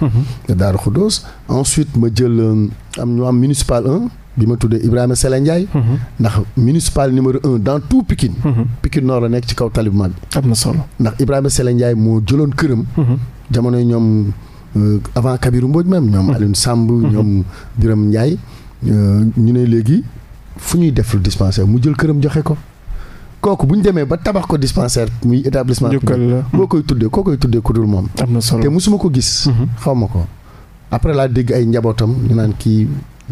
de Daaru Khoudoss ensuite ma jël am ñu am municipal 1. bi ma tuddee Ibrahima Sele Ndiaye. Mhm. ndax municipal numéro un dans tout Pikine. Mhm. Pikine Nord la nekk ci kaw tali bu mag bi. ndax Ibrahima Sele moo jëloon këram. Mhm. jamono ñoom euh, avant Kabirou Mbodj même ñoom Alioune Samb. ñoom Birame Ndiaye. Euh, ñu ne léegi fu ñuy def lu dispensaire mu jël këram joxe ko. kooku bu ñu demee ba tabax ko dispensaire muy établissement. boo koy tuddee koo koy tuddee ku moom. te musuma ko gis. xaw ma ko après laa dégg ay njabootam ñu naan kii.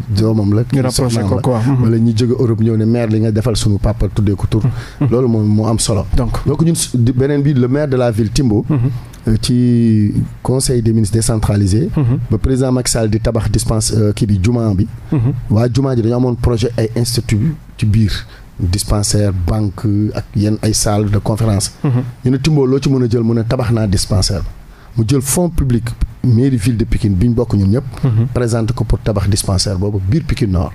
doomam la. ñu rapproché ko quoi mhm. wala ñu jóge Europe ñëw ne maire li nga defal suñu papa tuddee ko tur. Mhm. loolu moom moo am solo. donc donc ñun beneen bi le maire de la ville Timbo. Mhm. Euh, ci conseil des ministres décentralisé. ba président Macky Sall di tabax dispense euh, kii bi jumaa bi. waa jumaa ji dañoo amoon projet ay institut ci biir. dispensaire banque ak yenn ay salle de conférence. ñu ne Timbo loo ci mën a jël mën a tabax naa dispensaire mu jël fonds public mairie ville de Pikine bi ñu bokk ñun ñëpp. Mhm. présente tabax dispensaire boobu biir Pikine Nord.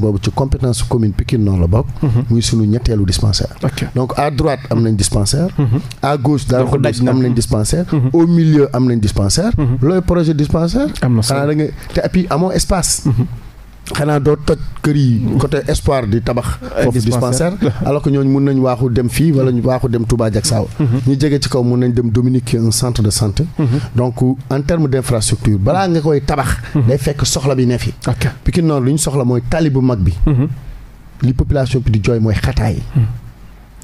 boobu ci compétence commune Pikine la bokk. Mhm. muy sunu ñetteelu dispensaire. donc à droite am nañ dispensaire. Mhm. à gauche daal am nañ dispensaire. au milieu am nañ dispensaire. looy projet dispensaire. am na solo xanaa te api amoo espace. xanaa doo toj kër yi côté espoir di tabax foofu dispensaire alors que ñooñu mun nañ waaxu dem fii wala ñu waaxu dem Touba Diaksaaw mm-hmm. mm-hmm. ñu jege ci kaw mun nañ dem Dominique qui centre de santé mm-hmm. donc en terme d' infrastructure balaa nga koy tabax day fekk soxla bi ne fi Pikine Nord li ñu soxla mooy tali bu mag bi li population bi jooy mooy xataa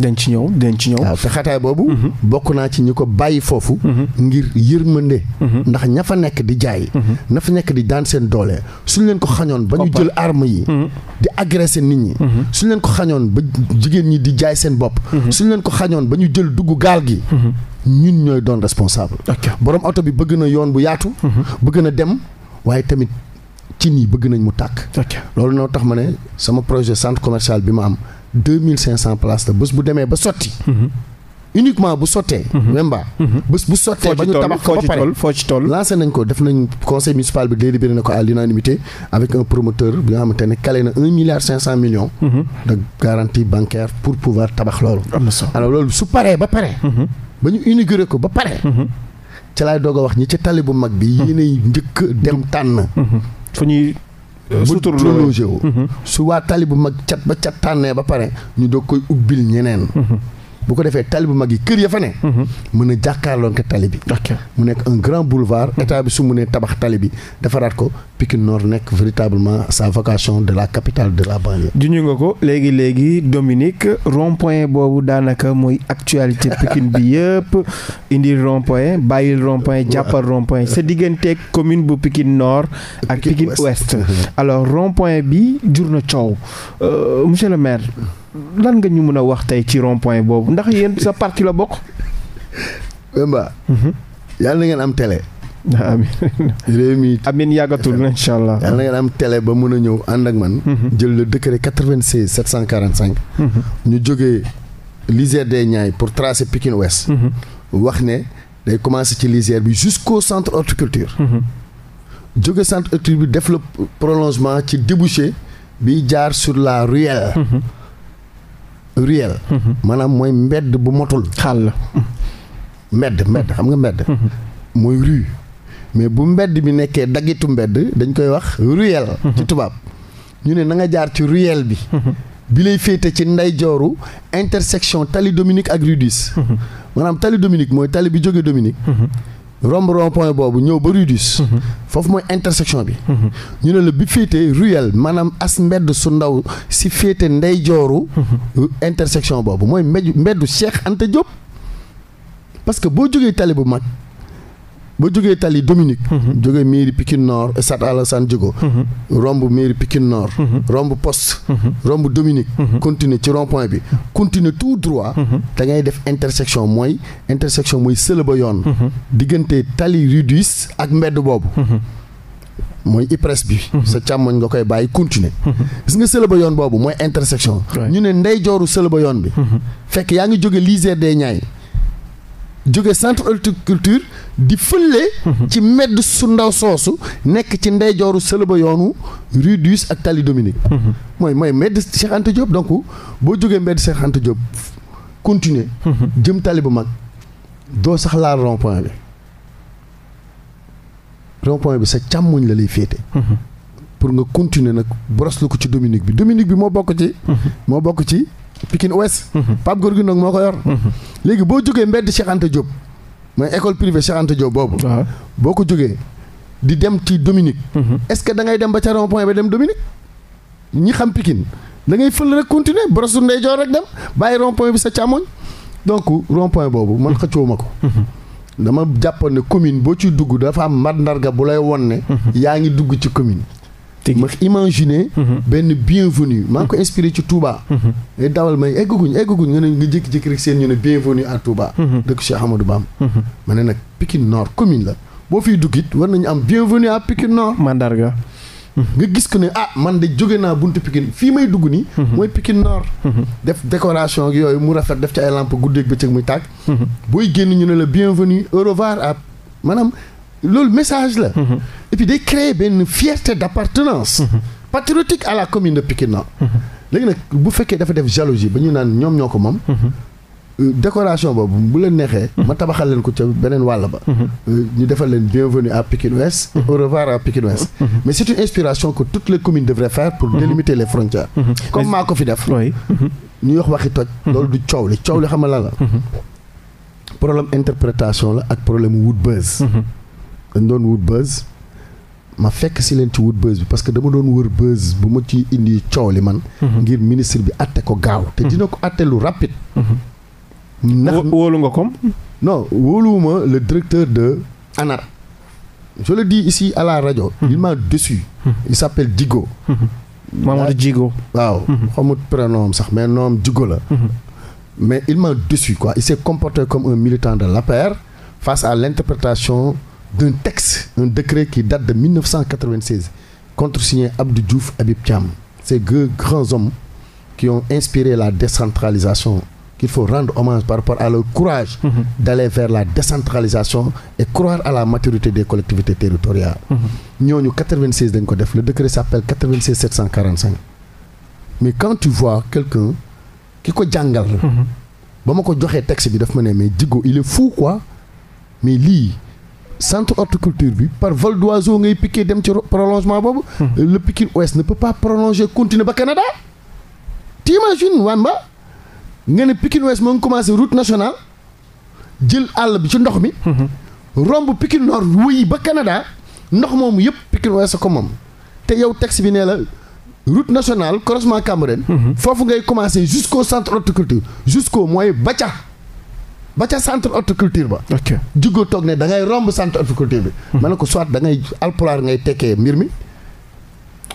dañ ci ñëw dañ ci ñëw. waaw te xataay boobu. Mhm. bokk naa ci ñi ko bàyyi foofu. Mhm. ngir yërmande. Mhm. ndax ña fa nekk di jaay. na fa nekk di daan seen doole suñ leen ko xañoon ba ñu jël arme yi. di agressé nit ñi. suñ leen ko xañoon ba jigéen ñi di jaay seen bopp. suñ leen ko xañoon ba ñu jël dugg gaal gi. ñun ñooy doon responsable. borom oto bi bëgg na yoon bu yaatu. bëgg na dem waaye tamit ci nii bëgg nañ mu tàkk. loolu noo tax ma ne sama projet centre commercial bi ma am. deux mille cinq cent places la bés bu demee ba sotti. Mm-hmm. uniquement bu sottee. Mm-hmm. même ba. Mm-hmm. bés bu sottee ba ñu tabax ko ba pare foo nañ ko def nañ conseil municipal bi délibéré na ko à l'unanimité avec un promoteur bi nga xamante ne calé na milliard cinq cent millions. de pour pouvoir tabax loolu. am loolu su paree ba pare. ba ñu inauguré ko ba pare. ci laay doog a wax ñi ci tali bu mag bi. yéenay njëkk dem tànn. fu ñuy Euh, su prolongé wu mhm. su waa tali bu mag cat ba cat tànnee ba pare ñu doog koy ubbil ñeneen mhm. bu ko defee tali bu mag yi kër ya fa ne mhm. mën a jàkkaarloo ko tali bi mu nekk un grand boulevard état bi su mu ne tabax tali bi defaraat ko Pikine Nord nekk véritablement sa vocation de la capitale de la banlieue. juñu nga ko léegi léegi Dominique rond boobu daanaka mooy actualité Pikine bi yëpp indil rond bàyyil rond jàppal rond sa digganteeg commune bu pikin noor ak Pikine Ouest. alors rond bi jur na coow euh, monsieur le maire lan nga ñu mun a wax tey ci rond boobu ndax yéen sa parti la bokk. Bemba. Mhm. yàlla na ngeen am télé. amiin réew mi amiin yàggatul incha allah. yàlla na ba mën a ñëw ànd ak man. Mhm. jël le décret 96 745. Mhm. ñu jógee lisière des Niayes pour tracer Pikine Ouest. Mhm. wax ne day commencé ci lisière bi jusqu'au centre horticulture. jóge centre horticulture bi def le prolongement ci débouché bi jaar sur la ruelle. ruelle. maanaam mooy mbedd bu motul. xàll. mbedd mbedd xam nga mbedd. mooy rue. mais bu mbedd bi nekkee daggitu mbedd dañ koy wax ruelle ci tubaab ñu ne na nga jaar ci ruelle bi bi féete ci ndeyjooru intersection tali Dominique ak rue 10 maanaam tali Dominique mooy tali bi jóge Dominique romb rond boobu ñëw ba rue foofu mooy intersection bi ñu ne la bi féete ruelle maanaam as mbedd su ndaw si féete ndeyjooru intersection boobu mooy mbeddu Cheikh Anta Diop parce que boo jógee tali bu mag ba jógee tali Dominique. Mhm. jógee mairie Pikine Nord Stade Alassane Djigo. Mhm. romb mairie Pikine Nord. Mhm. romb poste. romb Dominique. continuer ci rond bi. continuer tout droit. da ngay def intersection mooy intersection mooy sële ba yoon. diggante tali rue dix ak mbedd boobu. mooy IPRES bi. sa càmmoñ nga koy bàyyi continuer. gis nga sële ba yoon boobu mooy intersection. ñu ne ndeyjooru sële ba yoon bi. fekk yaa ngi jóge lycée des Niayes. jóge centre horticulture di fële. Mhm. ci medd su ndaw soosu nekk ci ndeyjooru sëlëba yoonu rue Duis ak Tali Dominique. Mhm. mooy mooy medd Cheikh Anta Diop boo jógee medd Cheikh Anta Diop continuer mhm. jëm tali bu mag doo sax laal rond bi rond point bi sa càmmoñ la lay féete. pour nga continuer nag broslu ko ci Dominique bi Dominique bi moo bokk ci. moo bokk ci. Pikine Ouest. Mhm. Pape gi Ndong moo ko yor. Mhm. léegi boo jógee mbedd Cheikh Anta Diop. mooy école privée Cheikh Anta boobu. Ah. boo ko jógee di dem ci Dominique. Mhm. est-ce que da ngay dem ba ca rond-point ba dem Dominique. ñi xam Pikine da ngay fël rek continuer brosu ndeyjoor rek dem bàyyi rond bi sa càmmoñ. donc rond boobu man xëccoo ma ko. dama jàppoon ne commune boo ciy dugg dafa am mandarga bu lay won ne. yaa ngi dugg ci commune. ma imaginer mm-hmm. benn bienvenue maa ko inspiré ci Touba ngay mm-hmm. dawal may eggaguñ eggaguñ nga ne nga jékki-jékki rek seen ñu ne bienvenue à Touba mm-hmm. dëkk Cheikh Amadou Bam ma ne nag Pikine Nord commune la boo fiy duggit war nañu am bienvenue à Pikine Nord mandarga nga gis ko ne ah man de jóge naa buntu Pikine fii may dugg nii mooy Pikine Nord def décoration yooyu mu rafet def ci ay lampe guddeeg bëccëg muy tàkk booy génn ñu ne la bienvenue au revoir à maanaam loolu message la. Mm-hmm. et puis créer benn fierté d'appartenance. Mm-hmm. patriotique à la commune de Pikine. Mm-hmm. léegi nag bu fekkee dafa def jalousie ba ñu naan ñoom ñoo ko moom. Euh, décoration boobu bu leen neexee. ma tabaxal leen ko ca beneen wàll ba. Euh, ñu defal leen bienvenue à Pikine Ouest. au revoir à Pikine Ouest. mais c'est une inspiration que toutes les communes devraient faire pour délimiter les frontières. comme maa ko fi def. ñuy wax waxi toj. loolu du coow li coow li xam la. problème interprétation la problème wut buzz. dañ doon wut buzz ma fekk si leen ci wut buzz bi parce que dama doon wër buzz bu ma ci indi coow li man. Mhm. ngir ministre bi atte ko gaaw. te mhm. dina ko atte lu rapide. Mhm. ndax wóolu nga kom non wóoluwuma le directeur de ANAT. je le dis ici à la rajo. il m'a déçu. il s'appelle Digo. Mamadou Digo. waaw xamut sax mais nom Digo la. mais il m'a quoi il s'est comporté comme un militant de l'APR face à l'interprétation d'un texte, un décret qui date de 1996, contresigné Abdou Diouf Habib Thiam. Ces deux grands hommes qui ont inspiré la décentralisation, qu'il faut rendre hommage par rapport à leur courage mmh. d'aller vers la décentralisation et croire à la maturité des collectivités territoriales. Mhm. ñooñu 96 dañ ko def le décret s'appelle 96 745 mais quand tu vois quelqu'un ki ko jàngal. Mhm. ba ma ko joxee texte bi daf ma ne mais Djigo il est fou quoi mais lii. centre horticulture bi par vol d'oiseau ngay piqué dem ci prolongement boobu. Hmm. le Pikine Ouest ne peut pas prolonger ba ba Canada. t'imagines Wanba nga ne Pikine Ouest moo ngi commencé route nationale jël àll bi ci ndox mi. Hmm. romb Pikine Nord wuy ba Canada ndox moomu yëpp Pikine Ouest ko moom. te yow texte bi nee la route nationale croisement Cambérène. Hmm. foofu ngay commencé jusqu'au centre horticulture. jusqu'au mooy Baca. ba ca centre horticulture ba. ok juggo toog ne da ngay romb centre horticulture bi. ma hmm. ne ko soit da ngay alpulaar ngay tekkee mbir mi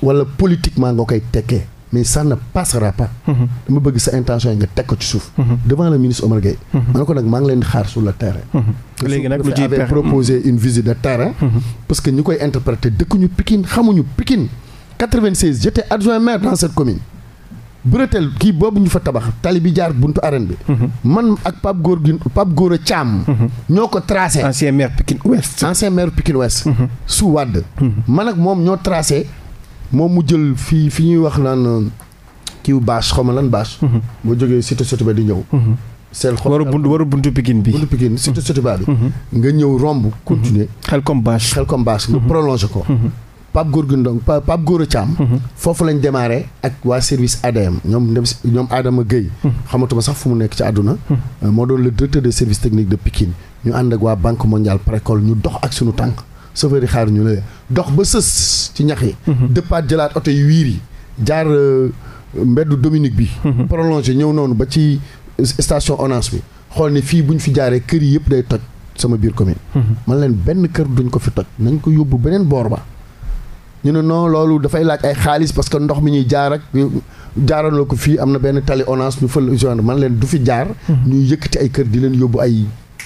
wala politiquement nga koy tekkee mais ça ne passera hmm. dama bëgg sa intention yi nga teg ko ci suuf. Hmm. devant le ministre Omar Gueye. ma ne ko nag maa ngi leen di xaar terrain. léegi nag lu proposé une visite de terrain. parce que ñu koy interpréter dëkkuñu Pikine xamuñu Pikine. 96 j'étais maire dans commune. Bretelle kii boobu ñu fa tabax tali bi jaar buntu arène bi. Mhm. man ak Pape Góor gi Pape Góor a Thiam. Mhm. ñoo ko tracé. ancien maire Pikine Ouest. ancien maire Pikine Ouest. Mhm. su Wade. man ak moom ñoo tracé moom mu jël fii fi ñuy wax naan kiw bâche xaw ma lan bâche. boo jógee cité Sotiba di ñëw. seel xol waru buntu waru buntu Pikine bi buntu Pikine surtout surtout baa bi. nga ñëw romb continuer. xel comme bâche xel comme bâche nga prolongé ko. Pape Gorgui Ndong Pape a Thiam. Mhm. foofu lañ démarré ak waa service ADM ñoom ndem ñoom Adama Gueye. Mhm. xamatuma sax fu mu nekk ci àdduna. Mhm. Euh, moo doon le directeur des services techniques de Pikine ñu ànd ak waa banque mondiale Précol ñu dox ak suñu tànk chauffeur xaar ñu la dox ba sës ci ñax yi. dëppaat jëlaat oto yi wiir yi jaar euh, mbeddu Dominique bi. prolongé ñëw noonu ba ci euh, station ONAS bi xool ne fii bu fi jaaree kër yi yëpp day toj. sama biir commune. man leen benn kër ko fi toj nañ ko yóbbu beneen boor ba. ñu ne non loolu dafay laaj ay xaalis parce que ndox mi ñuy jaar ak jaaroon ko fii am na benn tali onance ñu fël usine man leen du fi jaar mhm. ñuy yëkkati ay kër di leen yóbbu ay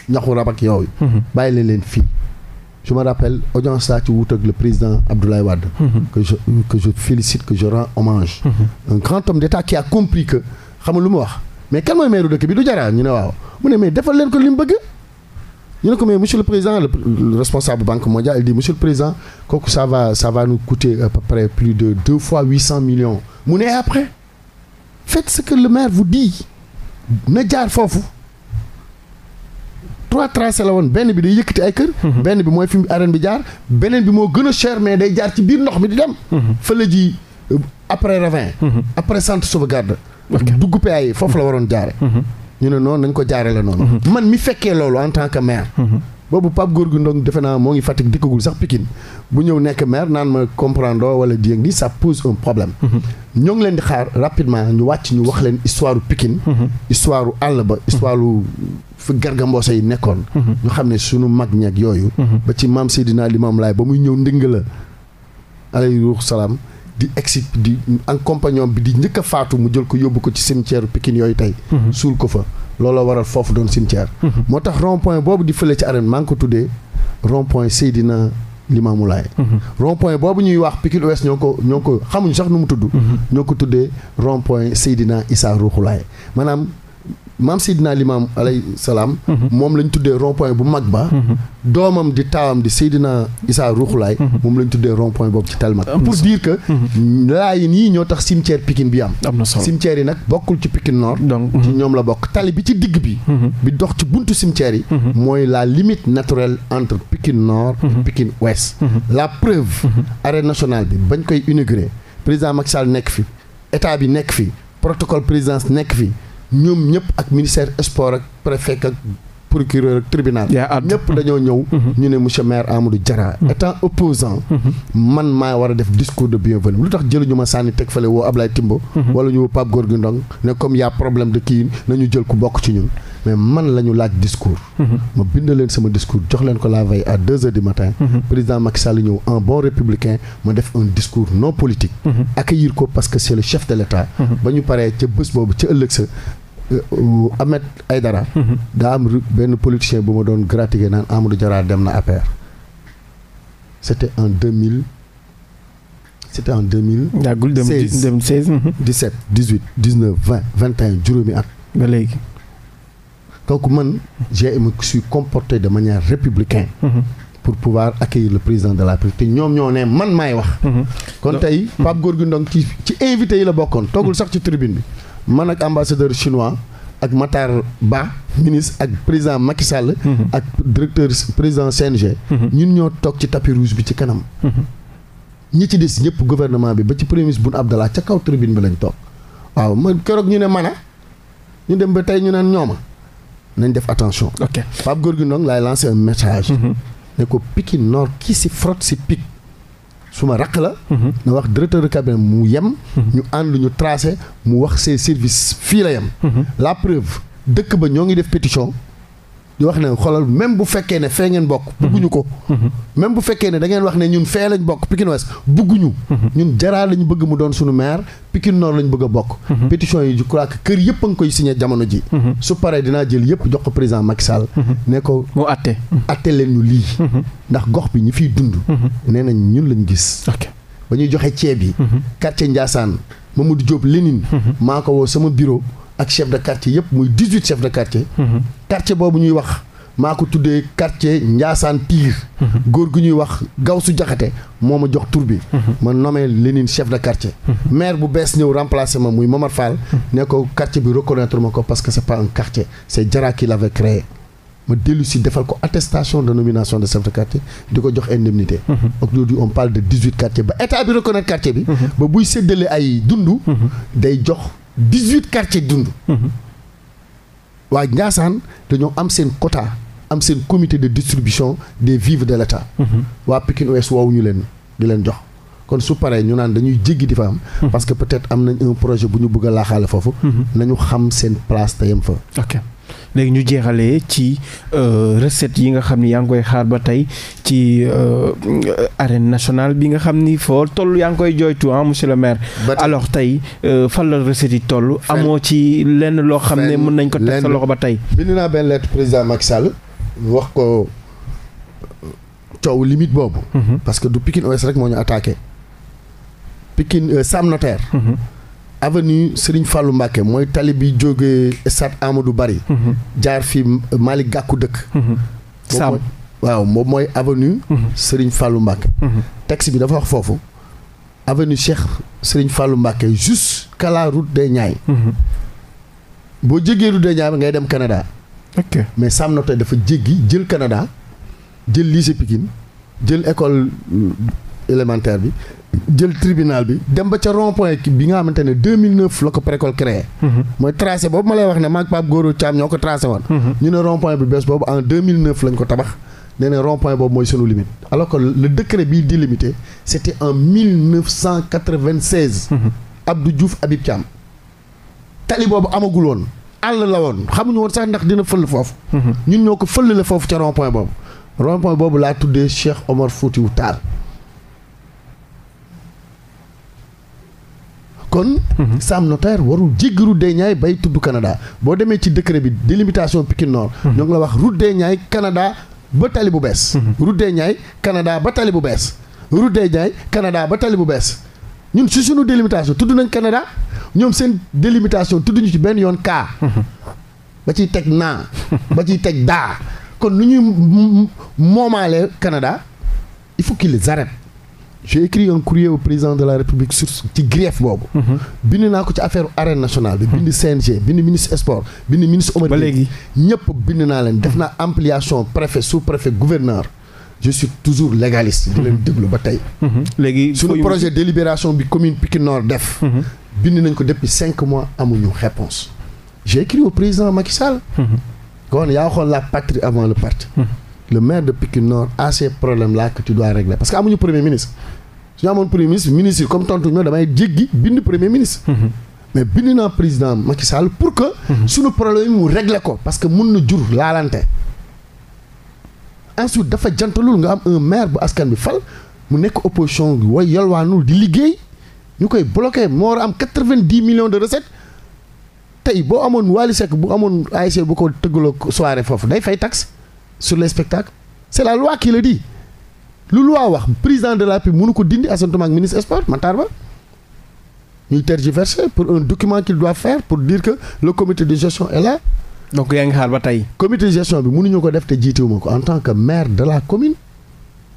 ñaxu rab ak yooyu mhm. bàyyi leen leen fii je me rappelle audience saa ci wut ak le président Abdoulaye Wade mhm. que je que je félicite que je rends hommage un grand homme a compris que xam lu mu wax mais kan mooy maire dëkk bi du jaraa ñu ne waaw mu ne mais defal leen ko li mu bëgg ñu ne ko mais monsieur le président le, le responsable banque mondiale il dit monsieur le président kooku ça va ça va nous coûter à peu plus de deux fois huit cent millions mu ne après faites ce que le maire vous dit na jaar foofu trois tracés la woon benn bi day yëkkati ay kër mhm. benn bi mooy fi arène bi jaar beneen bi moo gën a cher mais day jaar ci biir ndox mi di dem mhm. fële ji euh, après ravin mhm. après centre sauvegarde dugg PAI foofu la waroon jaare ñu ne noonu nañ ko jaarale noonu. Mhm. man mi fekkee loolu en tant que maire. Mhm. boobu Pape Gorgui Ndong defe naa moo ngi Fatick dikkagul sax Pikine bu ñëw nekk maire naan ma comprendre wala di yëg ni ça pose un problème. Mhm. ñoo ngi leen di xaar rapidement ñu wàcc ñu wax leen histoire Pikine. histoire àll ba histoire fi gargamboose yi nekkoon. ñu xam ne sunu mag ñeeg yooyu. ba ci maam Seydina Limam Laay ba muy ñëw ndingala. la salaam. di exi di en compagnon bi di njëkk a faatu mu jël ko yóbbu ko ci cimetière Pikine yooyu tey. Mhm. suul ko fa looloo waral foofu doon cimetière. Mhm. moo tax rond boobu di fële ci arène maa ngi ko tuddee rond point Seydina Limamou Laye. Mhm. rond point boobu ñuy wax Pikine Ouest ñoo ko ñoo ko xamuñ sax nu mu tudd. ñoo ko tuddee rond point Seydina Issa Rouhou maam Seydina Limaam alay salaam. Mhm. moom lañ tuddee rond bu mag ba. Mhm. doomam di taawam di Seydina isaa Ruuxulaay. Mhm. moom lañ tuddee rond point boobu ci Talmat. pour dire que. Laayeen yii ñoo tax cimetière Pikine bi am. am na solo cimetière yi nag bokkul ci Pikine Nord. donc ci ñoom la bokk tali bi ci digg bi. bi dox ci buntu cimetière yi. mooy la limite naturelle entre Pikine Nord. et Pikine Ouest. la preuve. arène nationale bi bañ koy inauguré président Macky Sall nekk fi état bi nekk fi protocole présidence nekk fi. ñoom ñëpp ak ministère sport ak préfet ak procureur ak tribunal ñëpp dañoo ñëw mhm. ñu ne monsieur maire Amadou Diarra mhm. étant opposant mhm. man maa war a def discours de bienvenue lu tax jëluñu ma sànni teg fale woo Ablaye Timbo wala ñu woo Pape Gorgui Ndong ne comme y a problème de kii nañu jël ku bokk ci ñun mais man la laaj discours ma bind sama discours jox ko la veille à deux heures du matin président Macky Sall ñëw un bon républicain ma def un discours Euh, Ahmed Aydara. Mm-hmm. daa am benn politicien bu ma doon gratifier naan Amadou Diarra dem na APR. c'était en deux mille c'était en deux mille. yàggul dem dem seize. dix sept dix huit dix juróomi ak ba léegi. donc man j'ai me suis comporté de manière républicaine. Mm-hmm. pour pouvoir accueillir le président de la République te ñoom ñoo ne man maay wax. Mm-hmm. kon tey Pape Gorgui Ndong ci ci invité yi la bokkoon toogul sax ci tribune bi. man ak ambassadeur chinois ak Matar Ba ministre ak président Macky Sall. Mhm. ak directeur président CNG. Mhm. ñun ñoo toog ci tapis rouge bi ci kanam. Mhm. ñi ci des ñëpp gouvernement bi ba ci premier ministre Boun Abdallah ca kaw tribune bi lañ toog waaw keroog ñu ne mana ñu dem ba tey ñu naan ñooma nañ def attention. ok Pape Gorgui Ndong laay lancer un message. ne ko Pikine Nord kii si frotte si Pikine. ma raq la. na wax directeur de cabinet mu yem. ñu ànd ñu tracé mu wax ses services fii la yem. Mhm. la preuve dëkk ba ñoo ngi def pétition. di wax ne xoolal même bu fekkee ne fee ngeen bokk. bugguñu ko. même bu fekkee ne da ngeen wax ne ñun fee lañ bokk Pikine Ouest bugguñu. ñun Jara lañ bëgg mu doon suñu maire Pikine Nord lañ bëgg a bokk. pétition yi je crois que kër yëpp a ngi koy signé jamono ji. su paree dinaa jël yëpp jox ko président Macky Sall. ne ko mu atte leen ñu lii. ndax gox bi ñu fiy dund. nee nañ ñun lañ gis. ba ñuy joxe ceeb yi. Mhm. quartier Ndiassane Mamadou Diop Lénine. Mhm. maa ko woo sama bureau. ak chef de quartier yëpp muy dix huit chef de quartier. Mhm. quartier boobu ñuy wax maa ko tuddee quartier Ndiassane Pire. Mhm. góor gu ñuy wax gaaw su Jaxate moo ma jox tur bi. Mhm. ma nommé Lénine chef de quartier. maire bu bees ñëw remplacé ma muy Momar Fall. ne ko quartier bi reconnaître ma ko parce que c' est pas un quartier c' ma dellu si defal ko attestation de nomination de chef de quartier di ko jox indemnité. aujourd'hui on parle de dix huit quartiers ba état bi reconnaître quartier bi. ba buy séddale ay dund. day jox. dix-huit quartiers dund. waa Ndiassane dañoo am seen quota am seen comité de distribution des vivres de l'État. waa Pikine Ouest woowuñu leen di leen jox. kon su paree ñu naan dañuy jéggi di fa am. parce que peut-être am nañ un projet bu ñu bëgg a laaxaale foofu. Mhm. nañu xam seen place te yem fa. léegi ñu jeexale ci euh, recette yi nga xam ni yaa ngi koy xaar ba tey ci euh, arène nationale bi nga xam ni foo toll yaa ngi koy jooytu ah monsieur le maire. alors tey euh, fan la recette yi toll. amoo ci lenn loo xam ne mën nañ ko teg sa loxo ba tey. bind naa benn lettre président Macky Sall wax ko coow limite boobu. Mhm. parce que du Pikine OS rek moo ñu attaqué. Pikine Sam Notaire. Mhm. avenue Serigne Fallou Mbacké mooy tali bi jógee stade Amadou Barry mhm. jaar fi Malick Gakou dëkk mhm. Sam waaw moom mooy avenue mhm. Serigne Fallou Mbacké texte bi dafa wax foofu avenue Cheikh Serigne Fallou Mbacké jusqu'à la route des Niayes boo jégee route des Niayes ngay dem Canada ok mais Sam Notaire dafa jéggi jël Canada jël lycée Pikine jël école euh, élémentaire bi jël tribunal bi dem ba ca rond bi nga xamante ne la ko précole créé. Mhm. mooy tracé boobu ma lay wax ne maag Pape Goro Thiam ñoo ko tracé woon. Mhm. ñu ne rond point bi bees boobu en 2009 ko tabax. nee na rond boobu mooy sunu limite alors que le décret bii délimité c' était en 1996. Mhm. Abdou Diouf Habib tali boobu amagul woon àll la woon xamuñu woon sax ndax dina fël foofu. ñun ñoo ko fëlale foofu ca rond point boobu. rond boobu laa tuddee Cheikh Omar Foutiou Tall. kon mhm. Sam Notaire warul jéggi route des bay tudd Canada boo demee ci décret bi délimitation Pikine Nord mhm. ñoo la wax route des Niayes mhm. ba tali bu bees route des Niayes ba tali bu bees route des Niayes ba tali bu bees ñun si suñu délimitation tudd nañ Canada ñoom seen délimitation tudd ñu ci benn yoon kaa ba ciy teg naa ba ciy teg daa kon lu ñuy moomaale Canada il faut qu'il j'ai écrit un courrier au président de la république sur ci grief boobu. Mhm. bind naa ko ci affaire arène nationale bi. Mhm. bind CNG bind ministre sport bind ministre. ba léegi ñëpp bind naa leen def naa ampliation préfet sous préfet gouverneur. je suis toujours légaliste. di leen mhm. déglu ba tey. léegi suñu projet délibération bi commune Pikine Nord def. bind nañ ko depuis cinq mois amuñu réponse j'ai écrit au président Macky Sall. yaa xool la patrie avant le parti. le a ces su ñu amoon premier ministre ministre yi comme tontu ñoo damay jéggi bind premier ministre. Mhm. mais bind naa président Macky Sall pour que. su mhm. suñu problème mu regle ko parce que mun na jur laalante. ensuite dafa jantalul nga am un maire bu askan bi fal mu nekk opposition bi way yalwaanul di liggéey ñu koy bloqué moo war am quatre-vingt-dix millions de recettes tey boo amoon Wally Seck bu amoon ASC bu ko tëggaloo soirée foofu day fay taxe sur les spectacles c'est la loi qui le lu waa wax président de la République mënu ko dindi assainissement ak ministre sport Matar Ba ñuy tergiverser pour un document qu'il doit pour dire que le comité de gestion est là. donc yaa ngi xaar ba tey. comité de gestion bi mënuñoo ko def te jiitewuma ko en tant que maire de la commune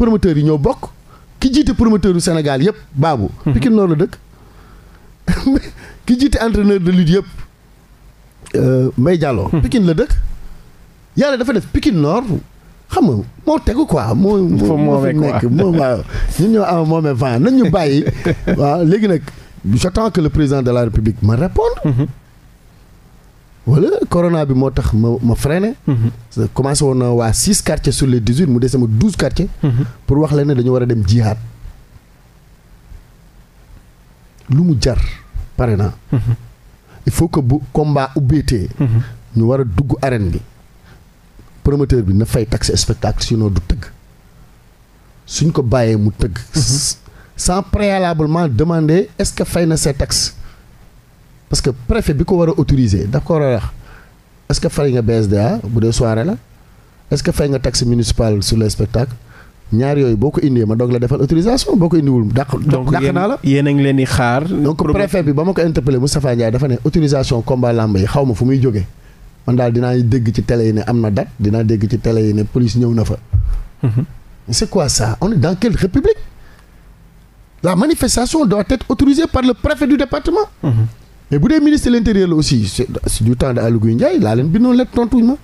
yi ñoo bokk ki jiite promoteur yu Sénégal yëpp baabu. Mhm. Pikine Nord la dëkk ki jiite entraîneur de lutte yëpp euh, Mbaye Diallo. Mhm. Pikine la dëkk yàlla dafa def Pikine Nord. xam nga moo tegu quoi moo moo fi nekk moo waaw ñun ñoo am ah, moome vent nañ ñu bàyyi waaw léegi nag j'attends que le président de la république ma répondre wala mm-hmm. corona bi moo tax ma ma freiné mm-hmm. commencé woon na waa six quartiers sur les dix-huit mu des sama douze quartiers mm-hmm. pour wax la ne dañu war a dem jihaad lu mu jar pare naa il faut que bu combat ubbeetee ñu war a dugg arène bi promoteur bi na fay taxe spectacle noo du tëgg suñ ko bàyyee mu tëgg. Mhm. san préalablement demander est-ce que fay na ses taxes parce que préfet bi ko war a autoriser daf ko war a wax est-ce que fay nga BSDA bu dee soirée la est-ce que fay nga taxe municipale su le spectacle ñaar yooyu boo ko indee ma doog la defal autorisation boo ko indiwul dàq dàq naa la yéen a ngi leen di xaar donc préfet bi ba ma ko interpellé Moustapha Ndiaye dafa ne autorisation combat làmb yi xaw ma fu muy jógee man daal dinaa dégg ci télé yi ne am na date dinaa dégg ci télé yi ne police ñëw na fa. Mhm. c'est quoi ça on est dans quelle république. la manifestation doit être autorisée par le préfet du département. Mhm. mais bu dee ministre de l'intérieur la aussi c'est du temps de Aly Ngouille laa leen bindoon lettre tontuñ ma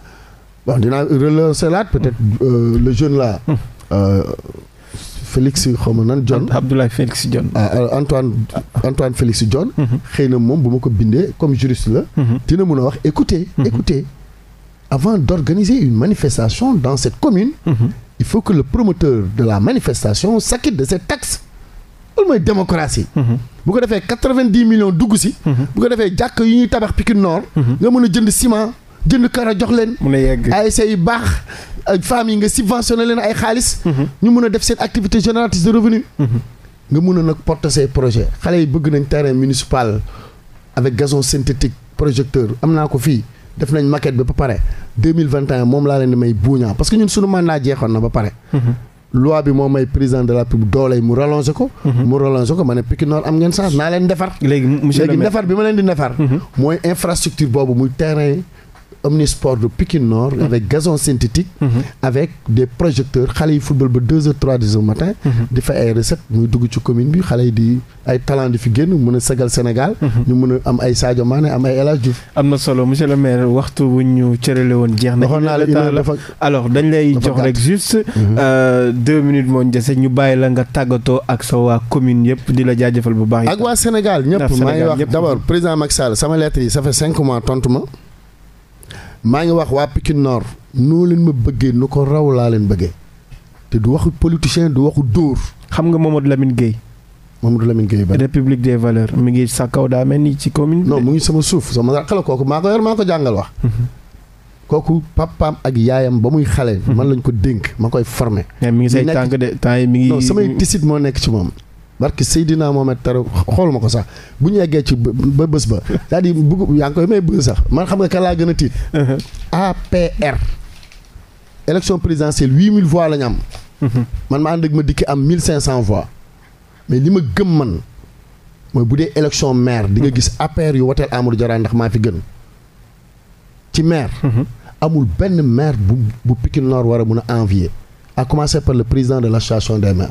bon dinaa relancer peut-être euh, jeune là. Mhm. Euh, Félix xaw ma nan John. Abdoulaye Félix John. ah Antoine Antoine Félix John. Mhm. xëy na moom bu ma ko bindee comme juriste la. Mhm. dina mun a wax écoutez. Mhm. écoutez avant d'organiser une manifestation dans cette commune. il faut que le promoteur de la manifestation s'acquitte de ses taxes. loolu mooy démocratie. bu ko defee quatre dugg si. bu ko defee jàkk yu ñuy tabax Pikine Nord. nga mën a jënd ciment. jënd a jox leen. mun a yegg ASC yu baax femmes yi nga subventionné leen ay xaalis. Mhm. ñu mun a def seen activité génératrice de revenu. Mhm. nga mun a nag porter say projet xale yi bëgg nañ terrain municipal avec gazon synthétique projecteur am naa ko fii def nañ maquette bi ba pare deux mille vingt et un moom laa leen di may buuñaa parce que ñun sunu mandat jeexoon na ba pare. Mhm. loi bi moo may président de la République doole mu rallongé ko. mu rallongé ko ma ne Pikine am ngeen sax naa leen defar. omnisport de Pikine Nord. Mm -hmm. avec gazon synthétique. Mm -hmm. avec des projecteurs xale yi football ba deux heures trois heures du matin. Mm-hmm. di ay recette muy dugg ci commune bi xale yi di ay talent di fi génn mën a sagal Sénégal. Mm-hmm. ñu mën a am ay Sadio Mané am ay El Hadj Diouf. am na solo monsieur le maire waxtu bu ñu cërale woon jeex na. waxoon la dafa alors dañ lay jox rek juste. Mm-hmm. Euh, moo ñu ñu bàyyi la nga tàggatoo ak sa waa commune yëpp di la jaajëfal bu baax. ak waa Sénégal ñëpp maa ngi wax d'abord président maa ngi wax waa Pikine noor noo leen ma bëggee nu ko raw laa leen bëggee te du waxu politicien du waxu dóor. xam nga moom Lamine Guèye. Mamadou Lamine Guèye ba république des valeurs mu ngi sa kaw daa mel ni ci commune. non mu ngi sama suuf sama rakk la kooku maa ko yar maa ko jàngal wax. Mhm. kooku papaam ak yaayam ba muy xale. Mhm. man lañ ko dénk ma koy formé. mi ngi say tànk de temps yi mi ngi non samay tisit moo nekk ci moom. barki Seydina Mohamed Taro xool ma ko sax bu ñu yeggee ci ba bés ba c'est-à-dire yaa ngi koy may bés sax man xam nga kan gën a tiit. Uh-huh. APR. élection présidentielle huit mille voix la ñu am. Uh-huh. man ma ànd ak ma dikki am mille cinq cent voix. mais li ma gëm man mooy bu dee élection maire di nga gis uh-huh. APR yu woteel Amadou Diarra ndax maa fi gën ci maire. amul benn maire bu bu Pikine Nord war a mun a envier à commencer par le président de l'association des maires.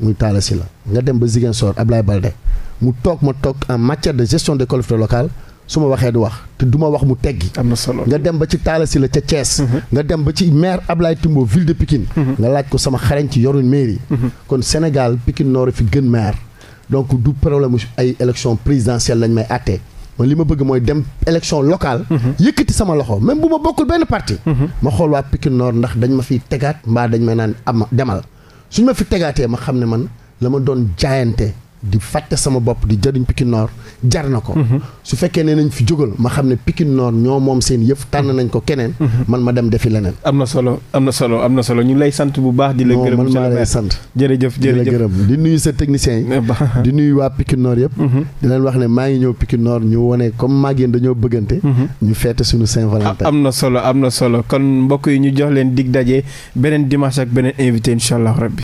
muy Talla Sylla nga dem ba Ziguinchor Ablaye Balde mu toog ma toog en matière de gestion des collectivités locales su ma waxee du wax te du ma wax mu teggi. am na solo nga dem ba ci Talla Sylla ca Thiès. Mhm. nga dem ba ci maire Ablaye Timbo ville de Pikine. Mhm. nga laaj ko sama xarañ ci yoruñ mairie. Mhm. kon Sénégal Pikine Nord fi gën maire. donc du problème ay élection présidentielle lañ may àttee man li ma bëgg mooy dem élection locale. yëkkati sama loxo même bu ma bokkul benn suñ ma fi tegaatee ma xam ne man la ma doon jaayante di fàtte sama bopp di jëriñ Pikine Nord jar na ko. Mhm. su fekkee ne nañ fi jógal ma xam ne Pikine Nord ñoo moom seen yëf tànn mhm. nañ ko keneen. Mhm. man ma dem defi leneen. am na solo am na solo am na solo ñu lay sant bu baax. di la gërëm man sant. jërëjëf jërëjëf gërëm di nuyu sa techniciens yi. di nuyu waa Pikine Nord yëpp. di wax ne maa ngi ñëw Pikine Nord ñu wane comme maa dañoo bëggante. ñu feete suñu saint am na solo am na solo kon mbokk yi ñu jox leen dig daje beneen dimanche ak beneen invité incha allah rabbi